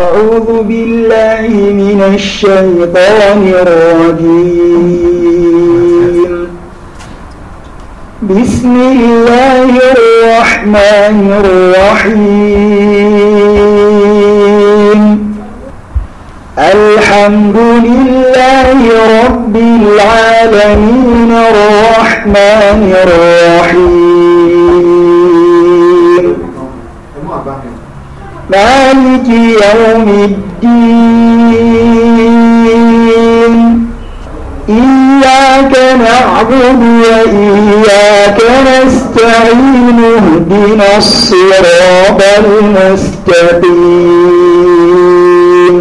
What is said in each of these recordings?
أعوذ بالله من الشيطان الرجيم بسم الله الرحمن الرحيم الحمد لله رب العالمين الرحمن الرحيم مالك يوم الدين إياك نعبد وإياك نستعين اهدنا الصراط المستقيم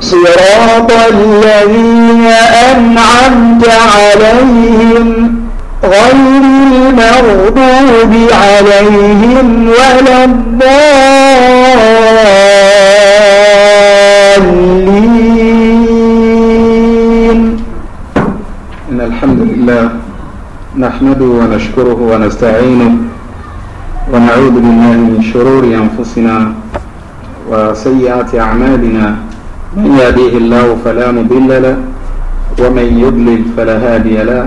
صراط الذين أنعمت عليهم غير المغضوب عليهم ولا الضالين إن الحمد لله نحمده ونشكره ونستعينه ونعوذ بالله من شرور أنفسنا وسيئات أعمالنا من يهديه الله فلا مضل له ومن يضلل فلا هادي له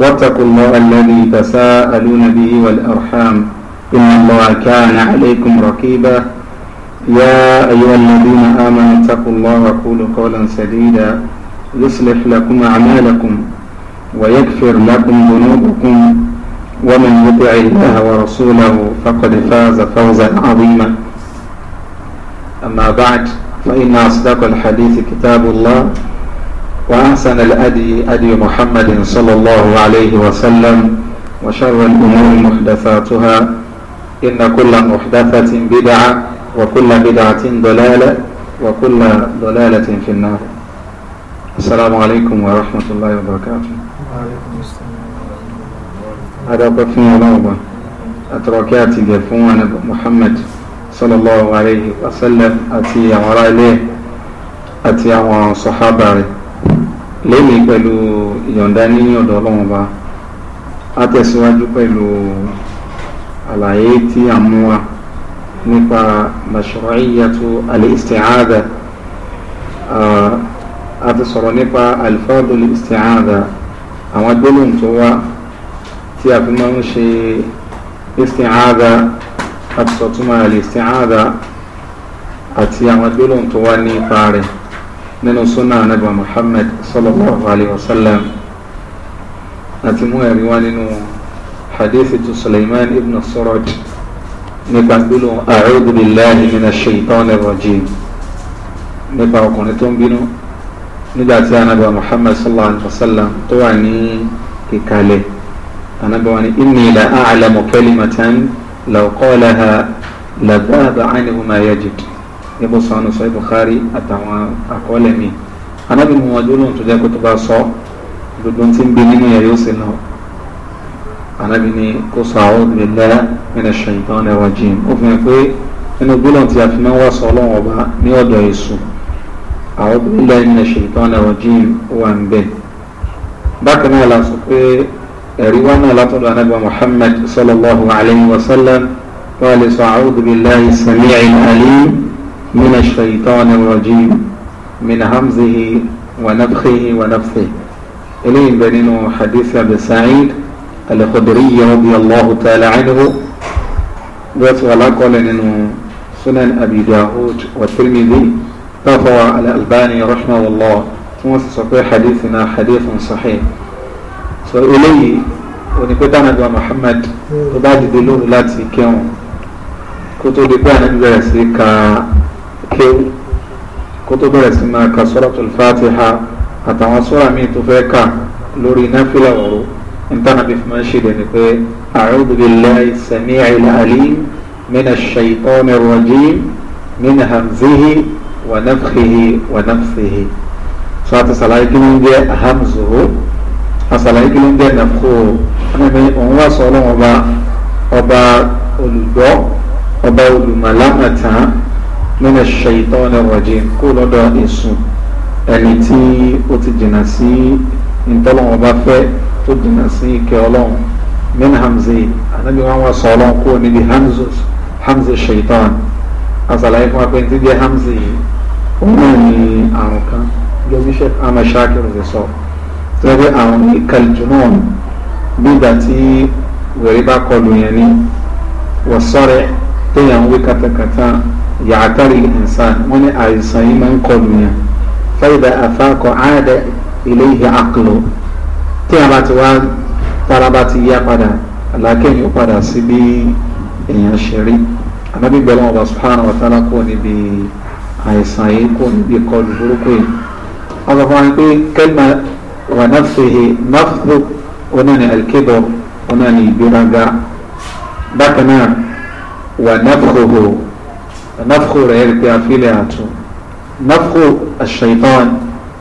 واتقوا الله الذي تساءلون به والأرحام إن الله كان عليكم رقيبا يا أيها الذين آمنوا اتقوا الله وقولوا قولا سديدا يصلح لكم أعمالكم ويكفر لكم ذنوبكم ومن يطع الله ورسوله فقد فاز فوزا عظيما أما بعد فإن أصدق الحديث كتاب الله وأحسن الأدي أدي محمد صلى الله عليه وسلم وشر الأمور محدثاتها إن كل محدثة بدعة وكل بدعة ضلالة وكل ضلالة في النار السلام عليكم ورحمة الله وبركاته هذا قفنا الله أتركاتي قفوان محمد صلى الله عليه وسلم أتي وراء إليه أتي وصحابه lẹ́yìn pẹ̀lú ìyọ̀ǹda ní ọ̀dọ̀ ọlọ́run ọba a tẹ̀síwájú pẹ̀lú àlàyé tí a mú wa nípa mashru'iyatu al-isti'adha a ti sọ̀rọ̀ nípa alifadu al-isti'adha àwọn gbólóhùn tó wá tí a fi máa ń ṣe isti'adha a sọ̀túnmọ̀ al-isti'adha àti àwọn gbólóhùn tó wá nípa rẹ̀ nínú sunna anabi muhammad sallallahu alayhi wa sallam àti mú ẹ̀rí wá nínú hadithi tu suleiman ibn suraj nípa gbólóhùn a'udhu billahi minash shaitanir rajim nípa ọkùnrin tó ń bínú nígbà tí anabi muhammad sallallahu alayhi wa sallam tó wà ní kíkalẹ̀ anabi wa ni inni la a'lamu kalimatan law qalaha la dhaba anhu ma yajid níbo sanu sọ Bukhari àtàwọn àkọọ́lẹ̀ mi anábì mú wọn jólóhùn tó jẹ́ kó tó bá sọ gbogbo tí ń gbé nínú ẹ̀rí ó sì nà anábì ní kó sọ a'udhu billahi minash shaitani rajim ó fi hàn pé nínú gbólóhùn tí a fi máa ń wá sọ ọlọ́run ọba ní ọ̀dọ̀ èṣù a'udhu billahi minash shaitani bákan náà la sọ pé ẹ̀rí wá náà látọ̀dọ̀ anábì Muhammad sallallahu alayhi wa sallam wà lè sọ a'udhu billahi sami'il alim. من الشيطان الرجيم من همزه ونفخه ونفثه إليه بنين حديث أبي سعيد الخدري رضي الله تعالى عنه بس ولا قال إنه سنن أبي داود والترمذي على الألباني رحمه الله ثم سيصبح حديثنا حديث صحيح سإليه ونكتب جوا محمد وبعد دلول لا تسيكيون كتب بقى نبي ké kó tó bẹ̀rẹ̀ sí máa ka suratul fatiha àtàwọn sura míì tó fẹ́ kà lórí náfìlà ọ̀rọ̀ nítorí àbí fún máa ń ṣe dẹ̀ ni pé a'udhu billahi sami'il alim minash shaytanir rajim min hamzihi wa nafthihi wa nafsihi so ati salaye kelen jẹ hamzuhu asalaye kelen jẹ nafsuhu ẹnẹmi òun wá sọ Ọlọ́run ọba ọba olùgbọ́ ọba olùmọlámàtàn من الشيطان الرجيم قول هذا إسو التي أتجنسي إن طلعوا بفاء تجنسي كالون من همزي النبي محمد صلى الله عليه وسلم دي همز همز الشيطان أصلاحك ما كنت دي همزي أمني أعوكا جو بشك أما شاكر دي صور tẹ́lẹ̀ àwọn ìkàlùjùmọ́ọ̀n nígbà tí wẹ̀rí bá kọlù yẹn ni wọ́n sọ́rẹ̀ téèyàn ń wí katakata yàtàrí ìsàn wọn ní àìsàn yìí máa ń kọ nìyẹn fẹ́ẹ̀dà àfàkọ àádẹ ilé ìhẹ àkùlọ tí a bá ti wá tára bá ti yá padà àlákẹ́yìn ó padà sí bí èèyàn ṣe rí ànábì gbẹ̀rẹ̀ wọn subhanahu wa ta'ala kó níbi àìsàn yìí kó níbi ìkọlù burúkú yìí wọn fún wa pé kẹ́lìmà wà náfìhì náfìhù onáni àìkébọ̀ onáni ìgbéraga bákan náà wà náfìhù nafkó rẹ̀ rí pé àfilẹ̀ àtò nafkó aṣ-ṣaitan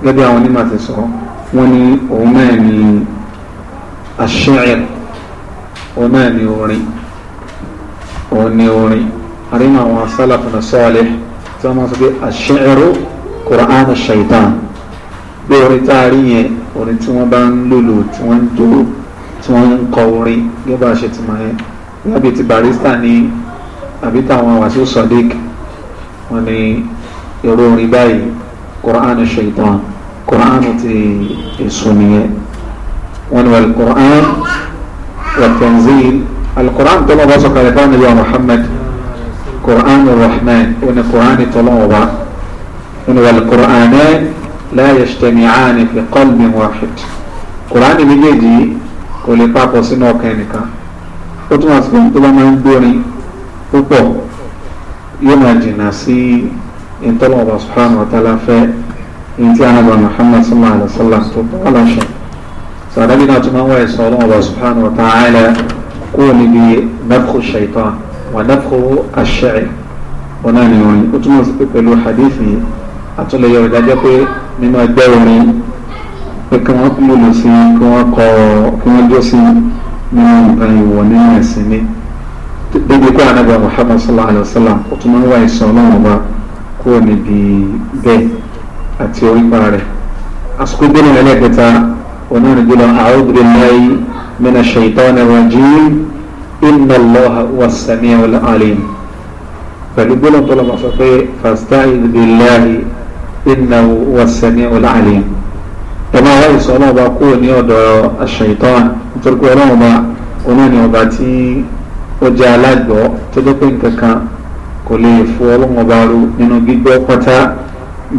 gẹ́gẹ́ àwọn onímọ̀ ti sọ wọ́n ní òun náà ní aṣ-ṣi'r òun náà ní orin òun ní orin àríwá àwọn asálàfin sọ́ọ̀lẹ̀ tí wọ́n máa sọ pé aṣ-ṣi'ru Qur'an aṣ-ṣaitan bí orin tá a rí yẹn orin tí wọ́n bá ń lòlò tí wọ́n ń jó tí wọ́n ń kọ orin gẹ́gẹ́ bá a ṣe ti máa yẹn lábẹ́ ti barista ní àbí táwọn wàásù sọ́dẹ́kì وني يرو رباي قرآن الشيطان قرآن السنية ونوى القرآن والتنزيل القرآن طلع بسك لبان يا محمد قرآن الرحمن ونوى القرآن طلع ونوى القرآن لا يجتمعان في قلب واحد قرآن بيجي قولي بابا سنوكينك وتما سكنت لما يندوني وقوم yóò máa jìnnà sí ìtọ́lọ́wọ́ subhanahu wa ta'ala fẹ́ ní ti anábà muhammad sallallahu alaihi wa sallam tó tọ́ aláṣọ sàdábì náà tó máa ń wá ẹ̀sọ́ ọlọ́wọ́ subhanahu wa ta'ala kó níbi nafkhu shaitan wà nafkhu ash-sha'r ọ̀nà ìrìn ó túmọ̀ sí pé pẹ̀lú hadith yìí àtúnlẹ̀yọ̀ ìdájọ́ pé nínú ẹgbẹ́ orin pé kí wọ́n lò lò sí kí wọ́n kọ́ kí wọ́n jó sí nínú nǹkan ìwọ̀ nínú ẹ̀sìn ní débi pé anábìá muhammad sallallahu alayhi wa sallam ó tún máa ń wá ìsàn ọlọ́run ọba kúrò níbi bẹ́ẹ̀ àti orípa rẹ̀ àsìkò gbẹ́nu ẹlẹ́gbẹ̀ta onírìndínlọ a'udhu billahi minash shaitani rajim inna allaha huwa as-sami'ul alim pẹ̀lú gbẹ́nu tó lọ́mọ sọ pé fasta'id billahi innahu huwa as-sami'ul alim ẹ máa ìsàn ọlọ́run ọba kúrò ní ọ̀dọ̀ ash nítorí pé ọlọ́run ọba onírìn ọba tí ó jẹ́ alágbọ́ tó jẹ́ pé nǹkan kan kò lè fọ ọlọ́run ọba ru nínú gbígbọ́ pátá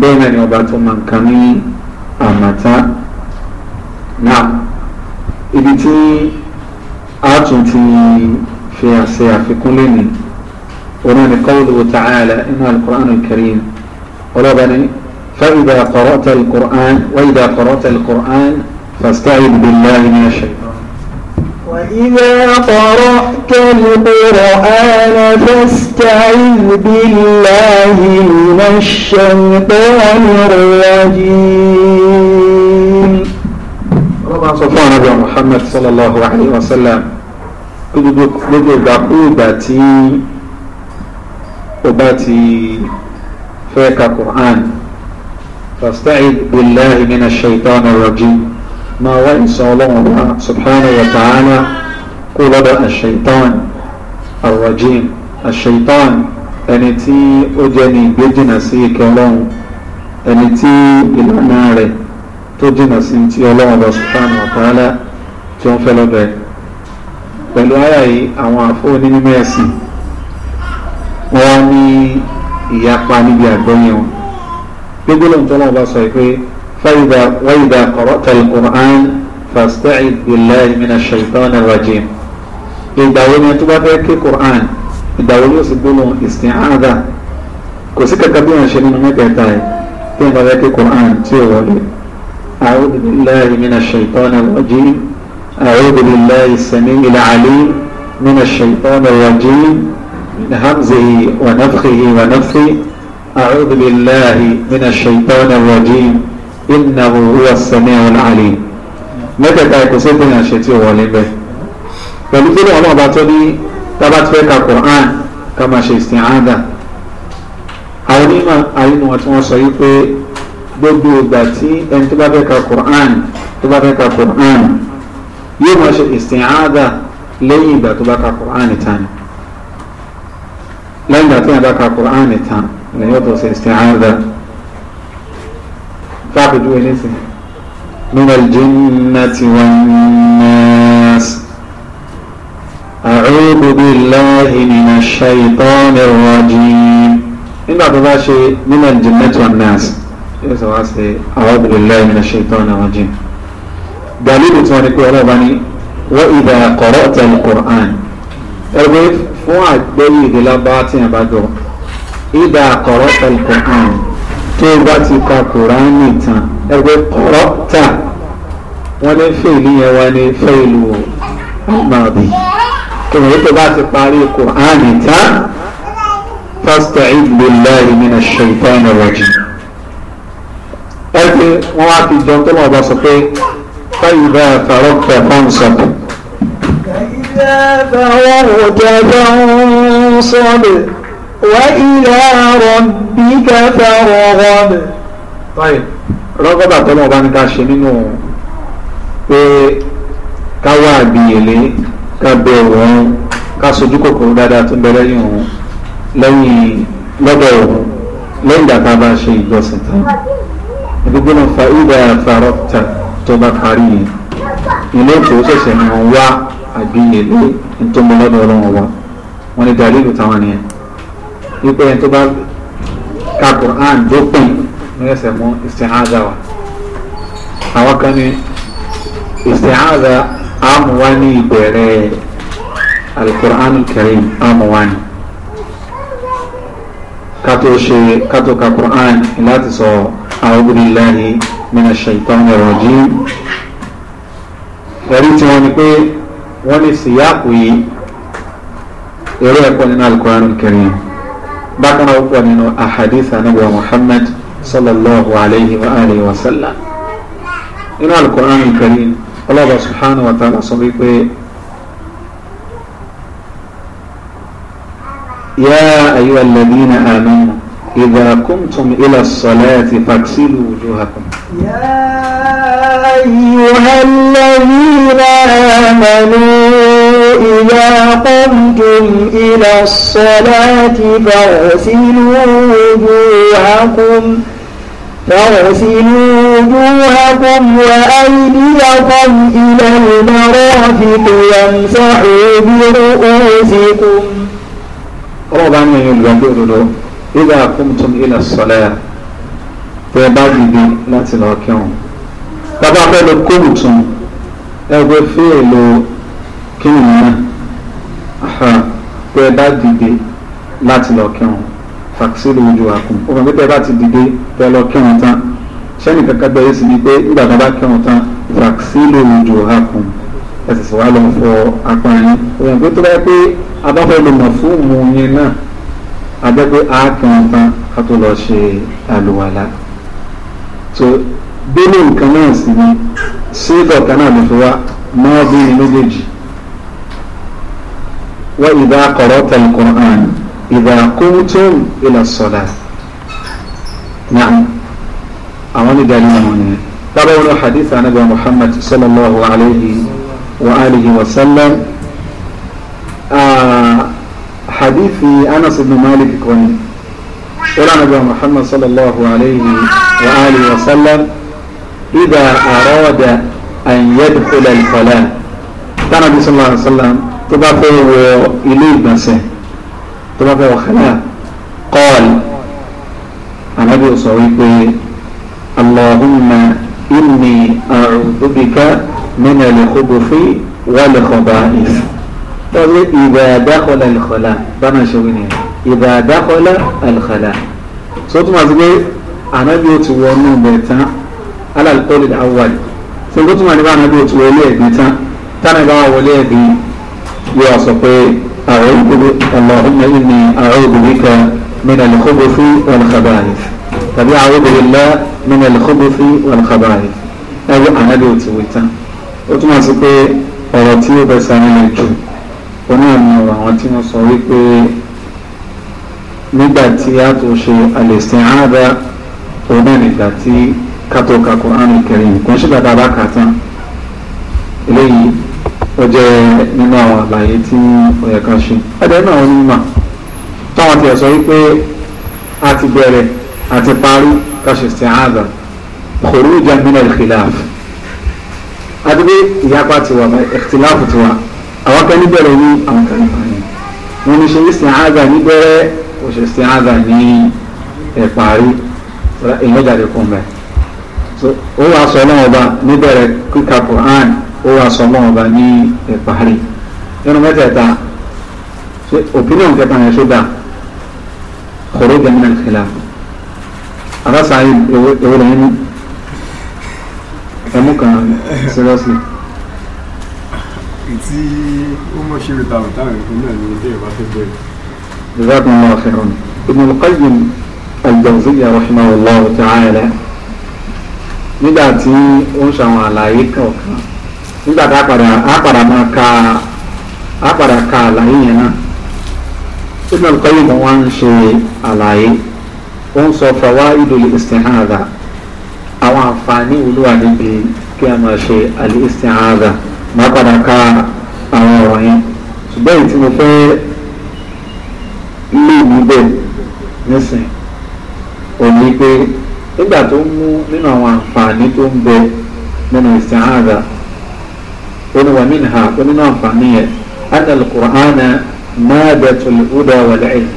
bẹ́ẹ̀ náà ni ọba tó máa ń kan ní àmàtá náà ibi tí a fi àṣẹ àfikún lónìí ونحن قوله تعالى إن القرآن الكريم ولبني فإذا قرأت القرآن وإذا قرأت القرآن فاستعذ بالله من الشيطان وإذا قرأت القرآن فاستعذ بالله من الشيطان الرجيم ربنا صفوان نبي محمد صلى الله عليه وسلم gbogbo ìgbàkúgbà tí o bá ti fẹ́ ka quran fasta'id billahi minash shaitanir rajim máa wá ìsan ọlọ́run ọba subhanahu wa ta'ala kó lọ́dọ̀ àṣeyìtàn àrọ̀jìn àṣeyìtàn ẹni tí ó jẹ́ ní ìgbé jìnnà sí ìkẹ́ ọlọ́run ẹni tí ìlànà rẹ̀ tó jìnnà sí ti ọlọ́run ọba subhanahu wa ta'ala tí wọ́n fẹ́ lọ́dọ̀ pẹ̀lú ara yìí àwọn àfọ́ọ́ní nínú ẹ̀sìn wọ́n ní ìyapa níbi àgbọ́yẹn wọn gbogbo lóun tọ́lá ọba sọ pé فإذا وإذا قرأت القرآن فاستعذ بالله من الشيطان الرجيم إذا ni ẹni tó bá fẹ́ ké quran ìdáwó yóò sì gbóhùn ìsìnkáàdà kò sí kankan أعوذ بالله من الشيطان الرجيم أعوذ بالله السميع العليم من الشيطان الرجيم من همزه ونفخه ونفخه أعوذ بالله من الشيطان الرجيم innahu huwa as-sami'ul 'alim mẹ́tẹ̀ẹ̀ta ẹ̀kọ́ sókun àṣẹ tí ó wọlé bẹ́ẹ̀ pẹ̀lú gbọ́dọ̀ ọmọ ọba tó ní tábà tí fẹ́ ka Qur'an ká máa ṣe isti'adha àwọn onímọ̀ àyínú wọn tí wọ́n sọ yìí pé gbogbo ìgbà tí ẹni tó bá fẹ́ ka Qur'an tó bá fẹ́ ka Qur'an yóò máa ṣe isti'adha lẹ́yìn ìgbà tó bá ka Qur'an tán lẹ́yìn ìgbà tí wọ́n bá ka Qur'an tán lẹ́yìn ọ̀tọ̀ ṣe isti'adha lápèjúwe nísìnyí من الجنة والناس أعوذ بالله من الشيطان الرجيم إما شيء من الجنة والناس أعوذ بالله من الشيطان الرجيم دليل تونيكو رباني وإذا قرأت القرآن أرغب فوعد بيد لباتي أبادو إذا قرأت القرآن tó o bá ti ka kùránì tán ẹgbẹ́ kọ̀rọ̀ tà wọ́n ní fèèlì yẹn wá ní fèèlì o àmàbí tòun tó bá ti parí kùránì tán fasta'id billahi minash shaitani rajim ẹ wọ́n wá fi jẹun tó lọ́wọ́ bá sọ pé fáyìbá fàrọ́kà fáǹsọ̀bù. فإذا فرغت فانصب وإلى ربك فارغب طيب rọ́gọ́bà tọ́lọ́ ọba ní ká ṣe nínú pé ká wá àgbìyèlé ká bẹ̀rù ọ̀hún ká sojú kòkòrò dáadáa tó bẹ lẹ́yìn ọ̀hún lẹ́yìn lọ́dọ̀ ọ̀hún lẹ́yìn ìgbà tá a bá ṣe ìjọsìn tán gbogbo náà fa ìdá àfàrọ́tà tó bá parí ilé ètò ṣẹ̀ṣẹ̀ ni wọ́n wá àgbìyèlé nítorí lọ́dọ̀ ọ̀hún wa wọ́n ní dalílù táwọn nìyẹn wípé ẹni tó bá ka Quran dópin ní ẹsẹ̀ mú isti'aza wa àwọn kan ní isti'aza amúwá ìbẹ̀rẹ̀ al-Quran al-Karim amúwá ní kátó ṣe kátó ka Quran láti sọ a'udhu billahi minash shaitani rajim ẹ̀rí tí wọ́n ní pé wọ́n ní síyáàpù yìí eré ẹ̀kọ́ nínú al-Quran al bákan náà ó pọ̀ nínú ahadith anabiwa muhammad sallallahu alayhi wa alihi wa sallam nínú alukoran karim ọlọ́ba subhanahu wa ta'ala sọ wípé yá ayé wa ladina amanu. إذا قمتم إلى الصلاة فاغسلوا وجوهكم يا أيها الذين آمنوا إذا قمتم إلى الصلاة فاغسلوا وجوهكم فاغسلوا وجوهكم وأيديكم إلى المرافق وامسحوا برؤوسكم رضا من ìgbà kúmtùm ilẹ̀ sọlẹ̀ tẹ bá dìde láti lọ kírun bàbá fẹ́ lo kúmtùm ẹgbẹ́ fẹ́ lo kírun náà tẹ bá dìde láti lọ kírun fàkísílì ojú àkùn ó fẹ́ tẹ bá ti dìde tẹ lọ kírun tán sẹ́ni kankan bẹ̀rẹ̀ sí ni pé ìgbà tó bá kírun tán fàkísílì ojú àkùn ẹ̀sìn sì lọ fọ apá yín òyìnbó tó bá yẹ pé abáfẹ́ lo mọ̀ fún òun yẹn náà adẹ́gbẹ́ àákàn tán ká tó lọ ṣe àlùwàlá tó gbélé nǹkan náà sì ni sílọ̀ kan náà ló fi wá mọ́ bí méjèèjì wọ́n ìdá kọ̀rọ̀ tẹ̀lẹ̀kọ̀rọ̀ àn ìdá kóńtóń ìlà sọ̀dà náà àwọn nígbàdí àwọn nìyẹn tábà wọn hadith anabi muhammad sallallahu alayhi wa alihi wa sallam. حديث أنس بن مالك كوني قال نبي محمد صلى الله عليه وآله وسلم إذا أراد أن يدخل الفلاة كان النبي صلى الله عليه وسلم تبقى إليه بسه تبقى وخلاء قال النبي صلى الله عليه وسلم اللهم إني أعوذ بك من الخبث والخبائث ọlẹ́ ìdàdàkọ́lá àlùkọ́lá báná ṣe wí nìyẹn ìdàdàkọ́lá àlùkọ́lá tó túmọ̀ sí pé ànábì ó ti wọnú ibẹ̀ tán alàlùkọ́lì àwàlì tó tó túmọ̀ nípa ànábì ó ti wọlé ẹ̀gbẹ́ tán tánà bá wọlé ẹ̀gbẹ́ yóò sọ pé àwọn ìgbòho allahumma inni àwọn ìgbòho kan من الخبث والخبائث tàbí أعوذ بالله من onáà ni ọ̀rọ̀ àwọn tí wọ́n sọ wípé nígbà tí a tó ṣe àlèsìn ààbà onáà nígbà tí kátó ka Kùránì Karim nǹkan ṣe bàbá bá kà tán eléyìí ó jẹ́ nínú àwọn àlàyé tí ó yẹ ká ṣe ẹ̀dẹ̀ náà ní mà táwọn tiẹ̀ sọ wípé a ti bẹ̀rẹ̀ a ti parí ká ṣe sìn ààbà khurujan min al-khilaf àdúgbò ìyapa tiwa ẹ̀kìtìláàfù tiwa àwọn kan níbẹ̀rẹ̀ ní àwọn kan wọn ní ṣe isti'aza níbẹ̀rẹ̀ kò ṣe isti'aza ní ẹ̀parí èèyàn jáde kún bẹ́ẹ̀ ó wàá sọ ọlọ́run ọba níbẹ̀rẹ̀ kíkà Qur'an ó wàá sọ ọlọ́run ọba ní ẹ̀parí nínú mẹ́tẹ̀ẹ̀ta ṣe opinion kẹta yẹn ṣó dà kọ̀rọ̀ jẹ́ nínú ìkẹlẹ́ àbáṣáyé ewé lẹ́yìn ẹ̀mú kan seriously ìtí ó mọ̀ ṣe rìta ọ̀tá ìrìnkún náà ní ilé ìbá fẹ́ bẹ́ẹ̀. جزاكم الله خيرا ابن القيم الجوزية رحمه الله تعالى nígbà tí ó ń ṣàwọn àlàyé kọ̀ọ̀kan nígbà tá a padà máa ka a padà ka àlàyé yẹn náà Ibn al-Qayyim wá ń ṣe àlàyé ó ń sọ fawaidul istihada àwọn àǹfààní olúwa níbi kí a máa ṣe al-istihada máa padà ka àwọn ọ̀rọ̀ yẹn ṣùgbọ́n èyí tí mo fẹ́ lé níbẹ̀ nísìn ò ní pé nígbà tó ń mú nínú àwọn àǹfààní tó ń bẹ nínú ìsìnkára ó ní wà nínú ha ó nínú àǹfààní yẹn anna al-Qur'ana madatul huda wal ilm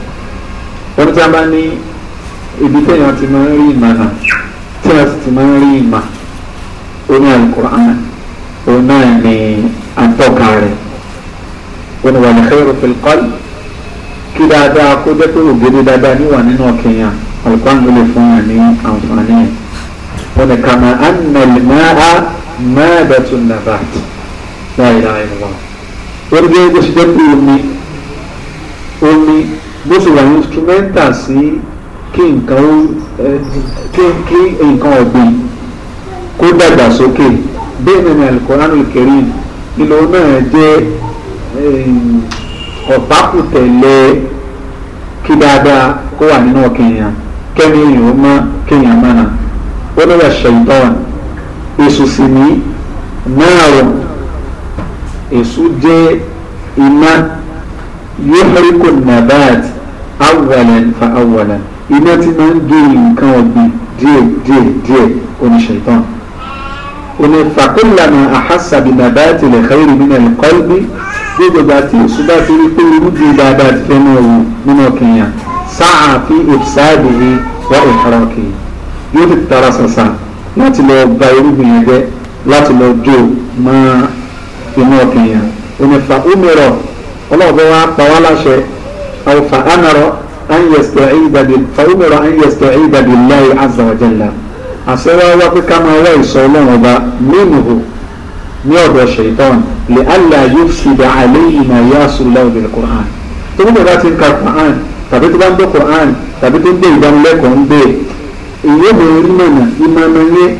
wọ́n tí a bá ní ibi téèyàn ti máa ń rí ìmọ̀ náà tí a sì ti máa ń rí ìmọ̀ ó ní al òun náà ni à ń tọ́ka rẹ̀ oníwà ní khairu fil qalbi kí dáadáa kó jẹ́ pé ògèdè dáadáa níwà nínú ọ̀kẹ́yàn alùpàǹgò lè fún yàn ní àǹfààní ẹ̀ wọn kà máa á nàlì máa á máa dàtú nàbà láìra ìwà wọ́n gbé bó ṣe jẹ́ pé omi omi bó ṣe wà instrumenta sí kí nǹkan ọ̀gbìn kó dàgbà sókè. Okay bẹ́ẹ̀ni alukoranu kẹrin nílò náà jẹ́ ehm, ọ̀bákùtẹ̀lẹ kí dáadáa kó wà nínú ọkẹyàn kẹ́mi èèyàn mọ́ kéèyàn mọ́nà ó lọ́wọ́ ṣẹ̀yìntàn èṣù sì ní náà rọ̀ èṣù jẹ́ iná yóò kò nabat awalan fa awalan iná tí máa ń gé nǹkan ọ̀gbìn díẹ̀ díẹ̀ díẹ̀ oníṣẹ̀tàn òní fàkúlànà àhásàbì nàbà tilẹ̀ xeyìrì nínú ẹ̀kọ́lbí gbogbo àti ìṣúbà ti rí pé irúgbìn dáadáa ti fẹ́ náà wù nínú ọkìnyàn sáà fi ìfsáàdì yìí wá ìfarahàn kì í yóò ti tara sàṣà láti lọ ba irúgbìn yẹn jẹ́ láti lọ jó mọ́ inú ọkìnyàn òní fàkúmẹ̀rọ̀ ọlọ́ọ̀bẹ wa pa wá láṣẹ àwọn fàánàrọ̀ an yasta'ida billahi azza wa jalla àṣẹ wa wá pé ká máa wá ìsọ ọlọ́run ọba mímùhù ní ọ̀dọ̀ ṣèitán lè allah yóò fi dà àléyìn náà yá sùlá òbí quran tó bí bàbá ti ń ka quran tàbí tó bá ń gbé quran tàbí tó ń gbé ìdánilẹ́kọ̀ọ́ ń gbé ìwéèmọ̀ onímọ̀nà ìmọ̀nà yẹn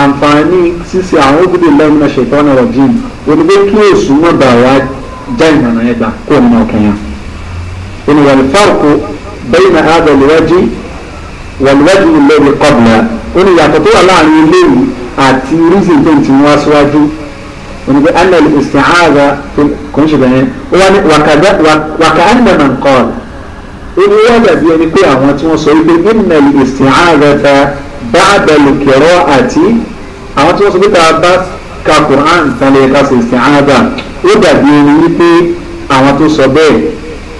àǹfààní ṣíṣe àwọn òbí lẹ́yìn náà ṣèitán ọ̀rọ̀ jìn onígbé kí èsù mọ̀ bá wa já ìmọ̀nà yẹn gbà kó ó ní ìyàtọ̀ tó wà láàrin eléyìí àti reason tó ń ti wá síwájú onígbẹ́ anel isti'aza kò ń ṣe bẹ̀rẹ̀ ó wá ní wàkà anamọ̀ nǹkan ó ní wọ́n dàbí ẹni pé àwọn tí wọ́n sọ wípé anel isti'aza ta ba'da al-qira'ati àwọn tí wọ́n sọ pé tá bá ka Qur'an tán lè ka ṣe isti'aza ó dàbí ẹni wípé àwọn tó sọ bẹ́ẹ̀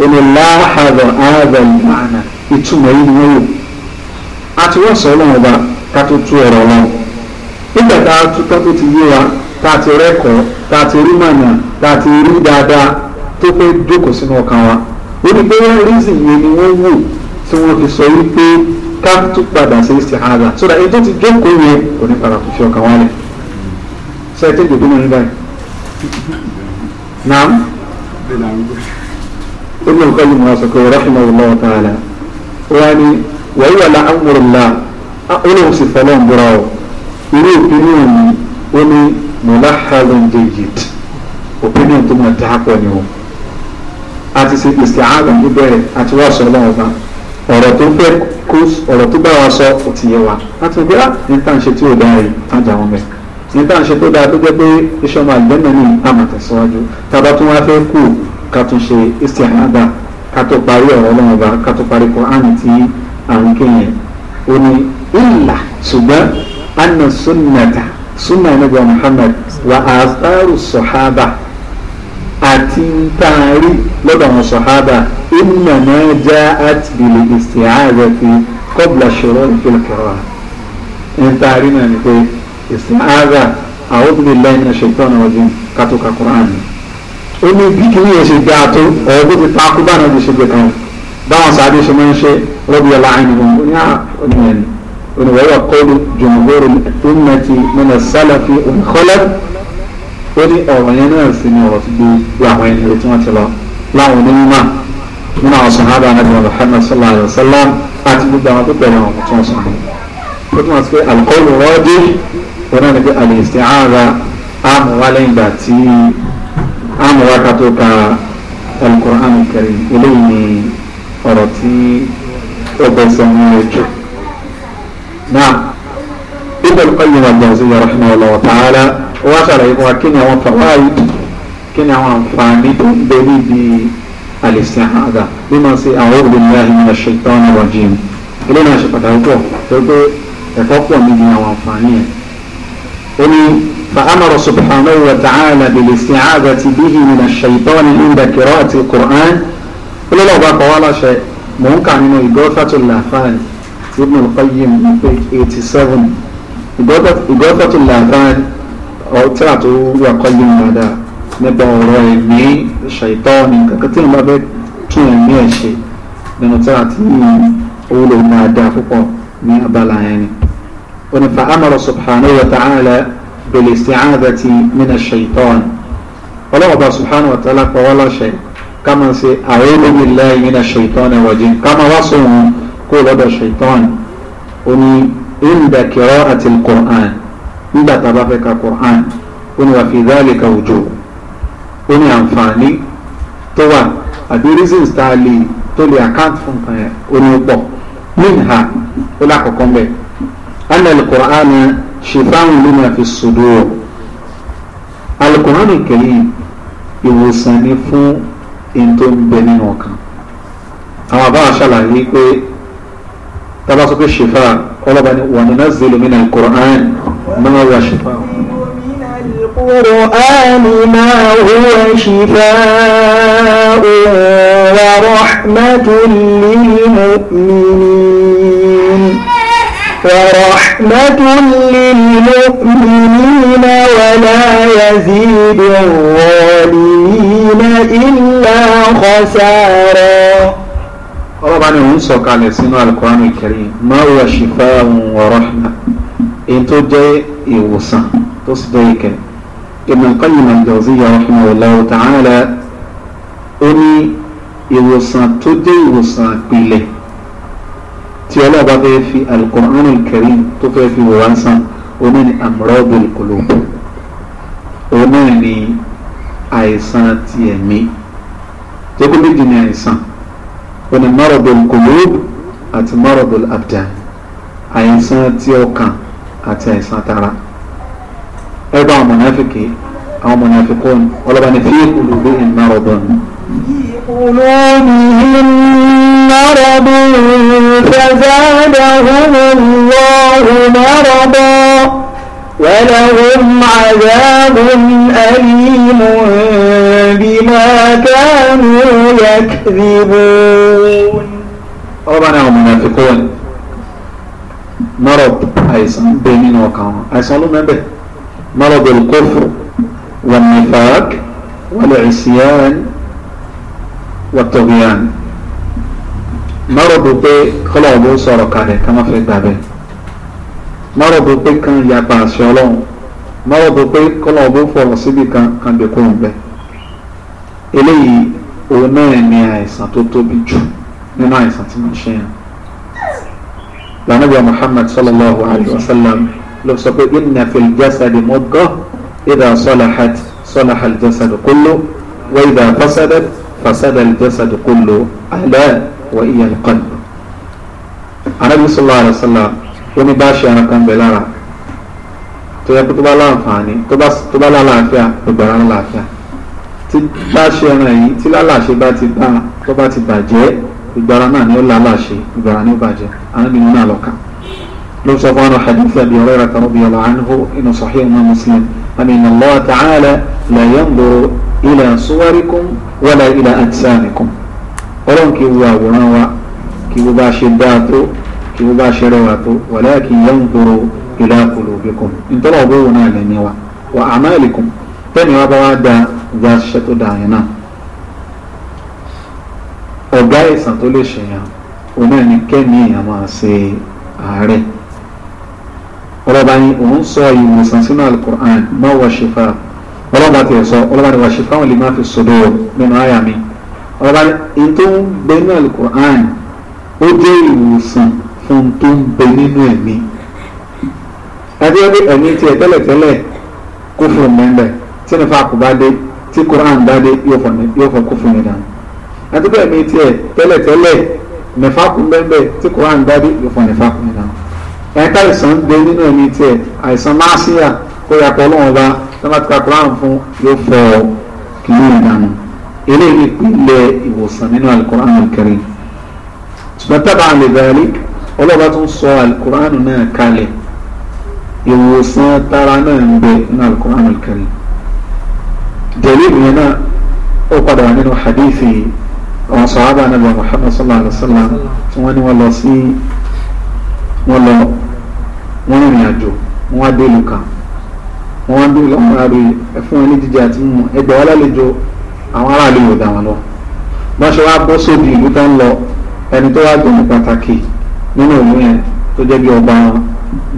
ó ní láhàdà ìmọ̀ àná ìtumọ̀ yìí ni wọ́n wò àti wọ́n sọ ọlọ́run ọba ká tó tú ọ̀rọ̀ náà nígbà tá a tú tó ti yé wa tá a ti rẹ́kọ̀ọ́ tá a ti rí mànà tá a ti rí dáadáa tó pé jókòó sínú ọkàn wa ó ní pé wọ́n rízì yẹn ni wọ́n wò tí wọ́n fi sọ wípé ká tó padà sí ìsìnkú so that ètò ti jókòó yẹn kò ní padà kò fi ọkàn wa lẹ̀ ṣe é tẹ́jọ́ bínú nígbà yìí naam ibn al-qayyim wa sọ pé rahimahullah ta'ala wa ni wa huwa la amrullah Ah, ó lóun sì fẹ́ lọ́n búra o irú opinion yìí ó ní mulahazan jayid opinion tó máa dáa pọ̀ ni o àti ṣe isti'adha níbẹ̀rẹ̀ àti wá sọ lọ́wọ́ bá ọ̀rọ̀ tó fẹ́ kó ọ̀rọ̀ tó bá wa sọ kò ti yẹ wa láti wọ́n pé á ah, ní tá à ń ṣe tí ò dáa yìí tájà wọn bẹ̀ ní tá à ṣe tó dáa tó jẹ́ pé iṣẹ́ ọmọ àgbẹ̀ náà ní àmà tẹ̀síwájú tábà tó wá fẹ́ kú ká tún ṣe isti'adha ká tó parí ọ̀rọ̀ lọ́wọ́ bá ká tó parí Kùránì tí à ń kéyìn ó ní ìlà ṣùgbọ́n anna sunnata sunna nígbà muhammad wa atharu sọ̀hábà àti ntaari lọ́dọ̀ àwọn sọ̀hábà inna ma ja'at bil isti'azati qabla shuruti al-qira'ah ntaari náà ni pé isti'aza a'udhu billahi minash shaitani rajim kátó ka kúránì ó ní bí kìíní yẹn ṣe gbé àtó ọ̀ọ́dún ti ta kú bá náà ṣe gbé kan báwọn sáadé ṣe máa ń ṣe rọ́bì ọ̀la àìníwọ̀n ó ní àwọn ènìyàn وهو قول جمهور الأمة من السلف والخلف ó ní ọ̀rọ̀ yẹn náà sì ni ọ̀rọ̀ tí gbogbo àwọn ẹni rẹ̀ tí wọ́n ti lọ láwọn onímọ̀ nínú àwọn sàhábà àti Muhammad sallallahu alaihi wasallam àti gbogbo àwọn tó bẹ̀rẹ̀ àwọn tó ń sọ àwọn. ó tún wá sí pé alukọ́lù rọ́ọ̀dì wọn náà ní pé àlè ìsìn àárà àmúwá lẹ́yìn ìgbà tí ka al-Qur'an karim eléyìí ni ọ̀rọ̀ tí ó náà ibẹ̀ lọ́kọ́ yìí wà jẹ́nsì yàrá fún ọlọ́ tààlà ó wá ṣàlàyé fún wa kí ni àwọn fàwáyì kí ni àwọn àǹfààní tó ń bẹ níbi al-isti'adha bí wọ́n ṣe a'udhu billahi minash shaitanir rajim ilé náà ṣe pàtàkì pọ̀ tó pé ẹ̀kọ́ pọ̀ níbi àwọn àǹfààní yẹn ó ní فأمر سبحانه وتعالى بالاستعاذة به من الشيطان عند قراءة القرآن قل له بقى ولا شيء ممكن أنه يقول فتو الله Ibn al-Qayyim ní page eighty seven ìgbọ́fọ̀tò làbáyé ọtí àti wíwà Qayyim dada nípa ọ̀rọ̀ ẹ̀mí ṣàìtọ́ọ̀nì kankan tí wọ́n bá fẹ́ tún ẹ̀mí ẹ̀ ṣe nínú tí àti owó lòun máa dáa púpọ̀ ní abala yẹn ni. wọ́n ní fa amara subhanahu wa ta'ala bil-isti'adhati min ash-shaytan ọlọ́wọ́ba subhanahu wa ta'ala pa wọ́n láṣẹ ká máa ṣe a'udhu billahi minash-shaytanir-rajim ká máa wá sóhun kó lọ́dọ̀ ṣètọ́n ó ní inda qira'ati al-Qur'an nígbà tá a bá fẹ́ ka Qur'an ó ní wa fi dhalika wujuh ó ní àǹfààní tó wà àbí reasons tá a lè tó lè account fún nǹkan yẹn ó ní pọ̀ minha ó lákọ̀ọ́kọ́ mbẹ́ anna al-Qur'ana shifaa'un lima fi sudur al-Qur'an al-Karim ìwòsàn ni fún ètò nínú ọkàn àwọn àbá àṣàlàyé pé tọ́lá الشفاء وننزل من القرآن ما هو شفاء zèlè القرآن ما هو شفاء ورحمة للمؤمنين ورحمة للمؤمنين ولا يزيد الظالمين إلا خسارا ọlọ́ba ni òun sọ̀kalẹ̀ sínú alukọ́ránì kẹrin máa wọ ṣìfà ohun ọ̀rọ̀ èyí tó jẹ́ ìwòsàn tó sì jẹ́ ìkẹ́ Ibn Qayyim al-Jawziyya rahimahullah ta'ala ó ní ìwòsàn tó jẹ́ ìwòsàn ìpìlẹ̀ tí ọlọ́ba fẹ́ fi alukọ́ránì kẹrin tó fẹ́ fi wò wá sàn oní ni amradul qulub oní ni àìsàn ti ẹ̀mí tó kó méjì ni àìsàn oní maradul qulub àti maradul abdan àìsàn tí ọkàn àti àìsàn tara ẹgbẹ́ àwọn mọ̀nàfíkì àwọn mọ̀nàfíkọ́ni ọlọ́ba ní fi olùgbé ìmárọ̀dọ̀n. olóòmìnir maradun fẹ́zádà hùmùlọ́ọ̀rù maradun. ولهم عذاب أليم بما كانوا يكذبون ربنا هم منافقون مرض أيضا بين وقام أسألون به مرض الكفر والنفاق والعصيان والطغيان مرض به خلابه صار كما في الدابين mọ́rọ̀ bó pé kan yàgbà àṣẹ ọlọ́run mọ́rọ̀ bó pé kọ́lọ́ bó fọ̀rọ̀ síbi kan kan lè kó ọ̀gbẹ́ eléyìí òun náà ni àìsàn tó tóbi jù nínú àìsàn tí wọ́n ṣe yàn lànàbíà Muhammad sallallahu alayhi wa sallam ló sọ pé inna fil jasadi mudga idha salahat salaha al jasadu kullu wa idha fasadat fasada al jasadu kullu ala wa iya al qalb anabi sallallahu alayhi wa sallam ó ní bá ṣe ẹran kan bẹ̀ lára tó yẹ kó tó bá láǹfààní tó bá lálàáfíà ló gbà rán láàfíà tí bá ṣe ẹran yìí tí lálàṣe bá ti bá tó bá ti bàjẹ́ ìgbára náà ni ó lálàṣe ìgbára ní bàjẹ́ anábìnrin náà lọ́ka ló sọ fún àwọn hadith àbí ọ̀rẹ́ rẹ̀ kan rọ́bì ọ̀la àánú inú sahih imam muslim àmì inna Allah ta'ala la yanzuru ila suwarikum wala ila ajsamikum ọlọ́run kì í wo àwòrán wa kì í wo bá ṣe dáa tó tí ó bá ṣe rẹwà tó walakin yanzuru ila qulubikum nítorí ọ̀bọ̀ wò náà lẹ́ni wa wa a'malikum tẹ́ni wa bá wá da ìjà ṣiṣẹ́ tó da yẹn náà ọ̀gá ìsàn tó lè ṣèyàn òun náà ni kẹ́ni èèyàn máa ṣe ààrẹ ọlọ́ba ni òun sọ ìwòsàn sínú alukur'an máa wọ ṣèfà ọlọ́ba tiẹ̀ sọ ọlọ́ba ni wà ṣèfà wọn lè má fi sòdò nínú àyà mi ọlọ́ba ni èyí tó alukur'an ó jẹ́ ìwòsàn ohun tó ń bẹ nínú ẹ̀mí àti ẹbí ẹ̀mí tiẹ̀ tẹ́lẹ̀tẹ́lẹ̀ kó fún un mẹ́mbẹ́ tí nífa kò bá dé tí koran bá dé yóò fọ kó fún mi dànù àti bẹ́ẹ̀ mi tiẹ̀ tẹ́lẹ̀tẹ́lẹ̀ nífa kò mẹ́mbẹ́ tí koran bá dé yóò fọ nífa kò mi dànù ẹ̀ka àìsàn ń bẹ nínú ẹ̀mí tiẹ̀ àìsàn máa ṣíyà kó yàtọ̀ ọlọ́run bá tẹ́lẹ̀tẹ́lẹ̀ koran fún yóò fọ kìlú ìdànù eléyìí ìpínlẹ̀ ìwòsàn nínú Al-Qur'an Al-Karim ṣùgbọ́n tábà lè bẹ̀rẹ̀ ọlọ́ba tún sọ alukur'an náà kalẹ̀ ìwòsàn tara náà ń bẹ ní alukur'an kalẹ̀ dẹ̀líìlì yẹn náà ó padà wà nínú hadithi àwọn sàhábà náà bá muhammad sallallahu alayhi wa sallam tí wọ́n ní wọ́n lọ sí wọ́n lọ wọ́n rìnrìn àjò wọ́n á dé ìlú kan wọ́n á dé ìlọ́mọ ẹ̀fún wọn ní jíjẹ àti mímu ẹgbẹ́ wọn lálejò àwọn aráàlú yóò dá wọn lọ bá ṣe wá bọ́ sódì ìlú kan lọ ẹni tó wá jẹ́ ní pàtàkì. nínú ya yẹn tó jẹ́ bí ọba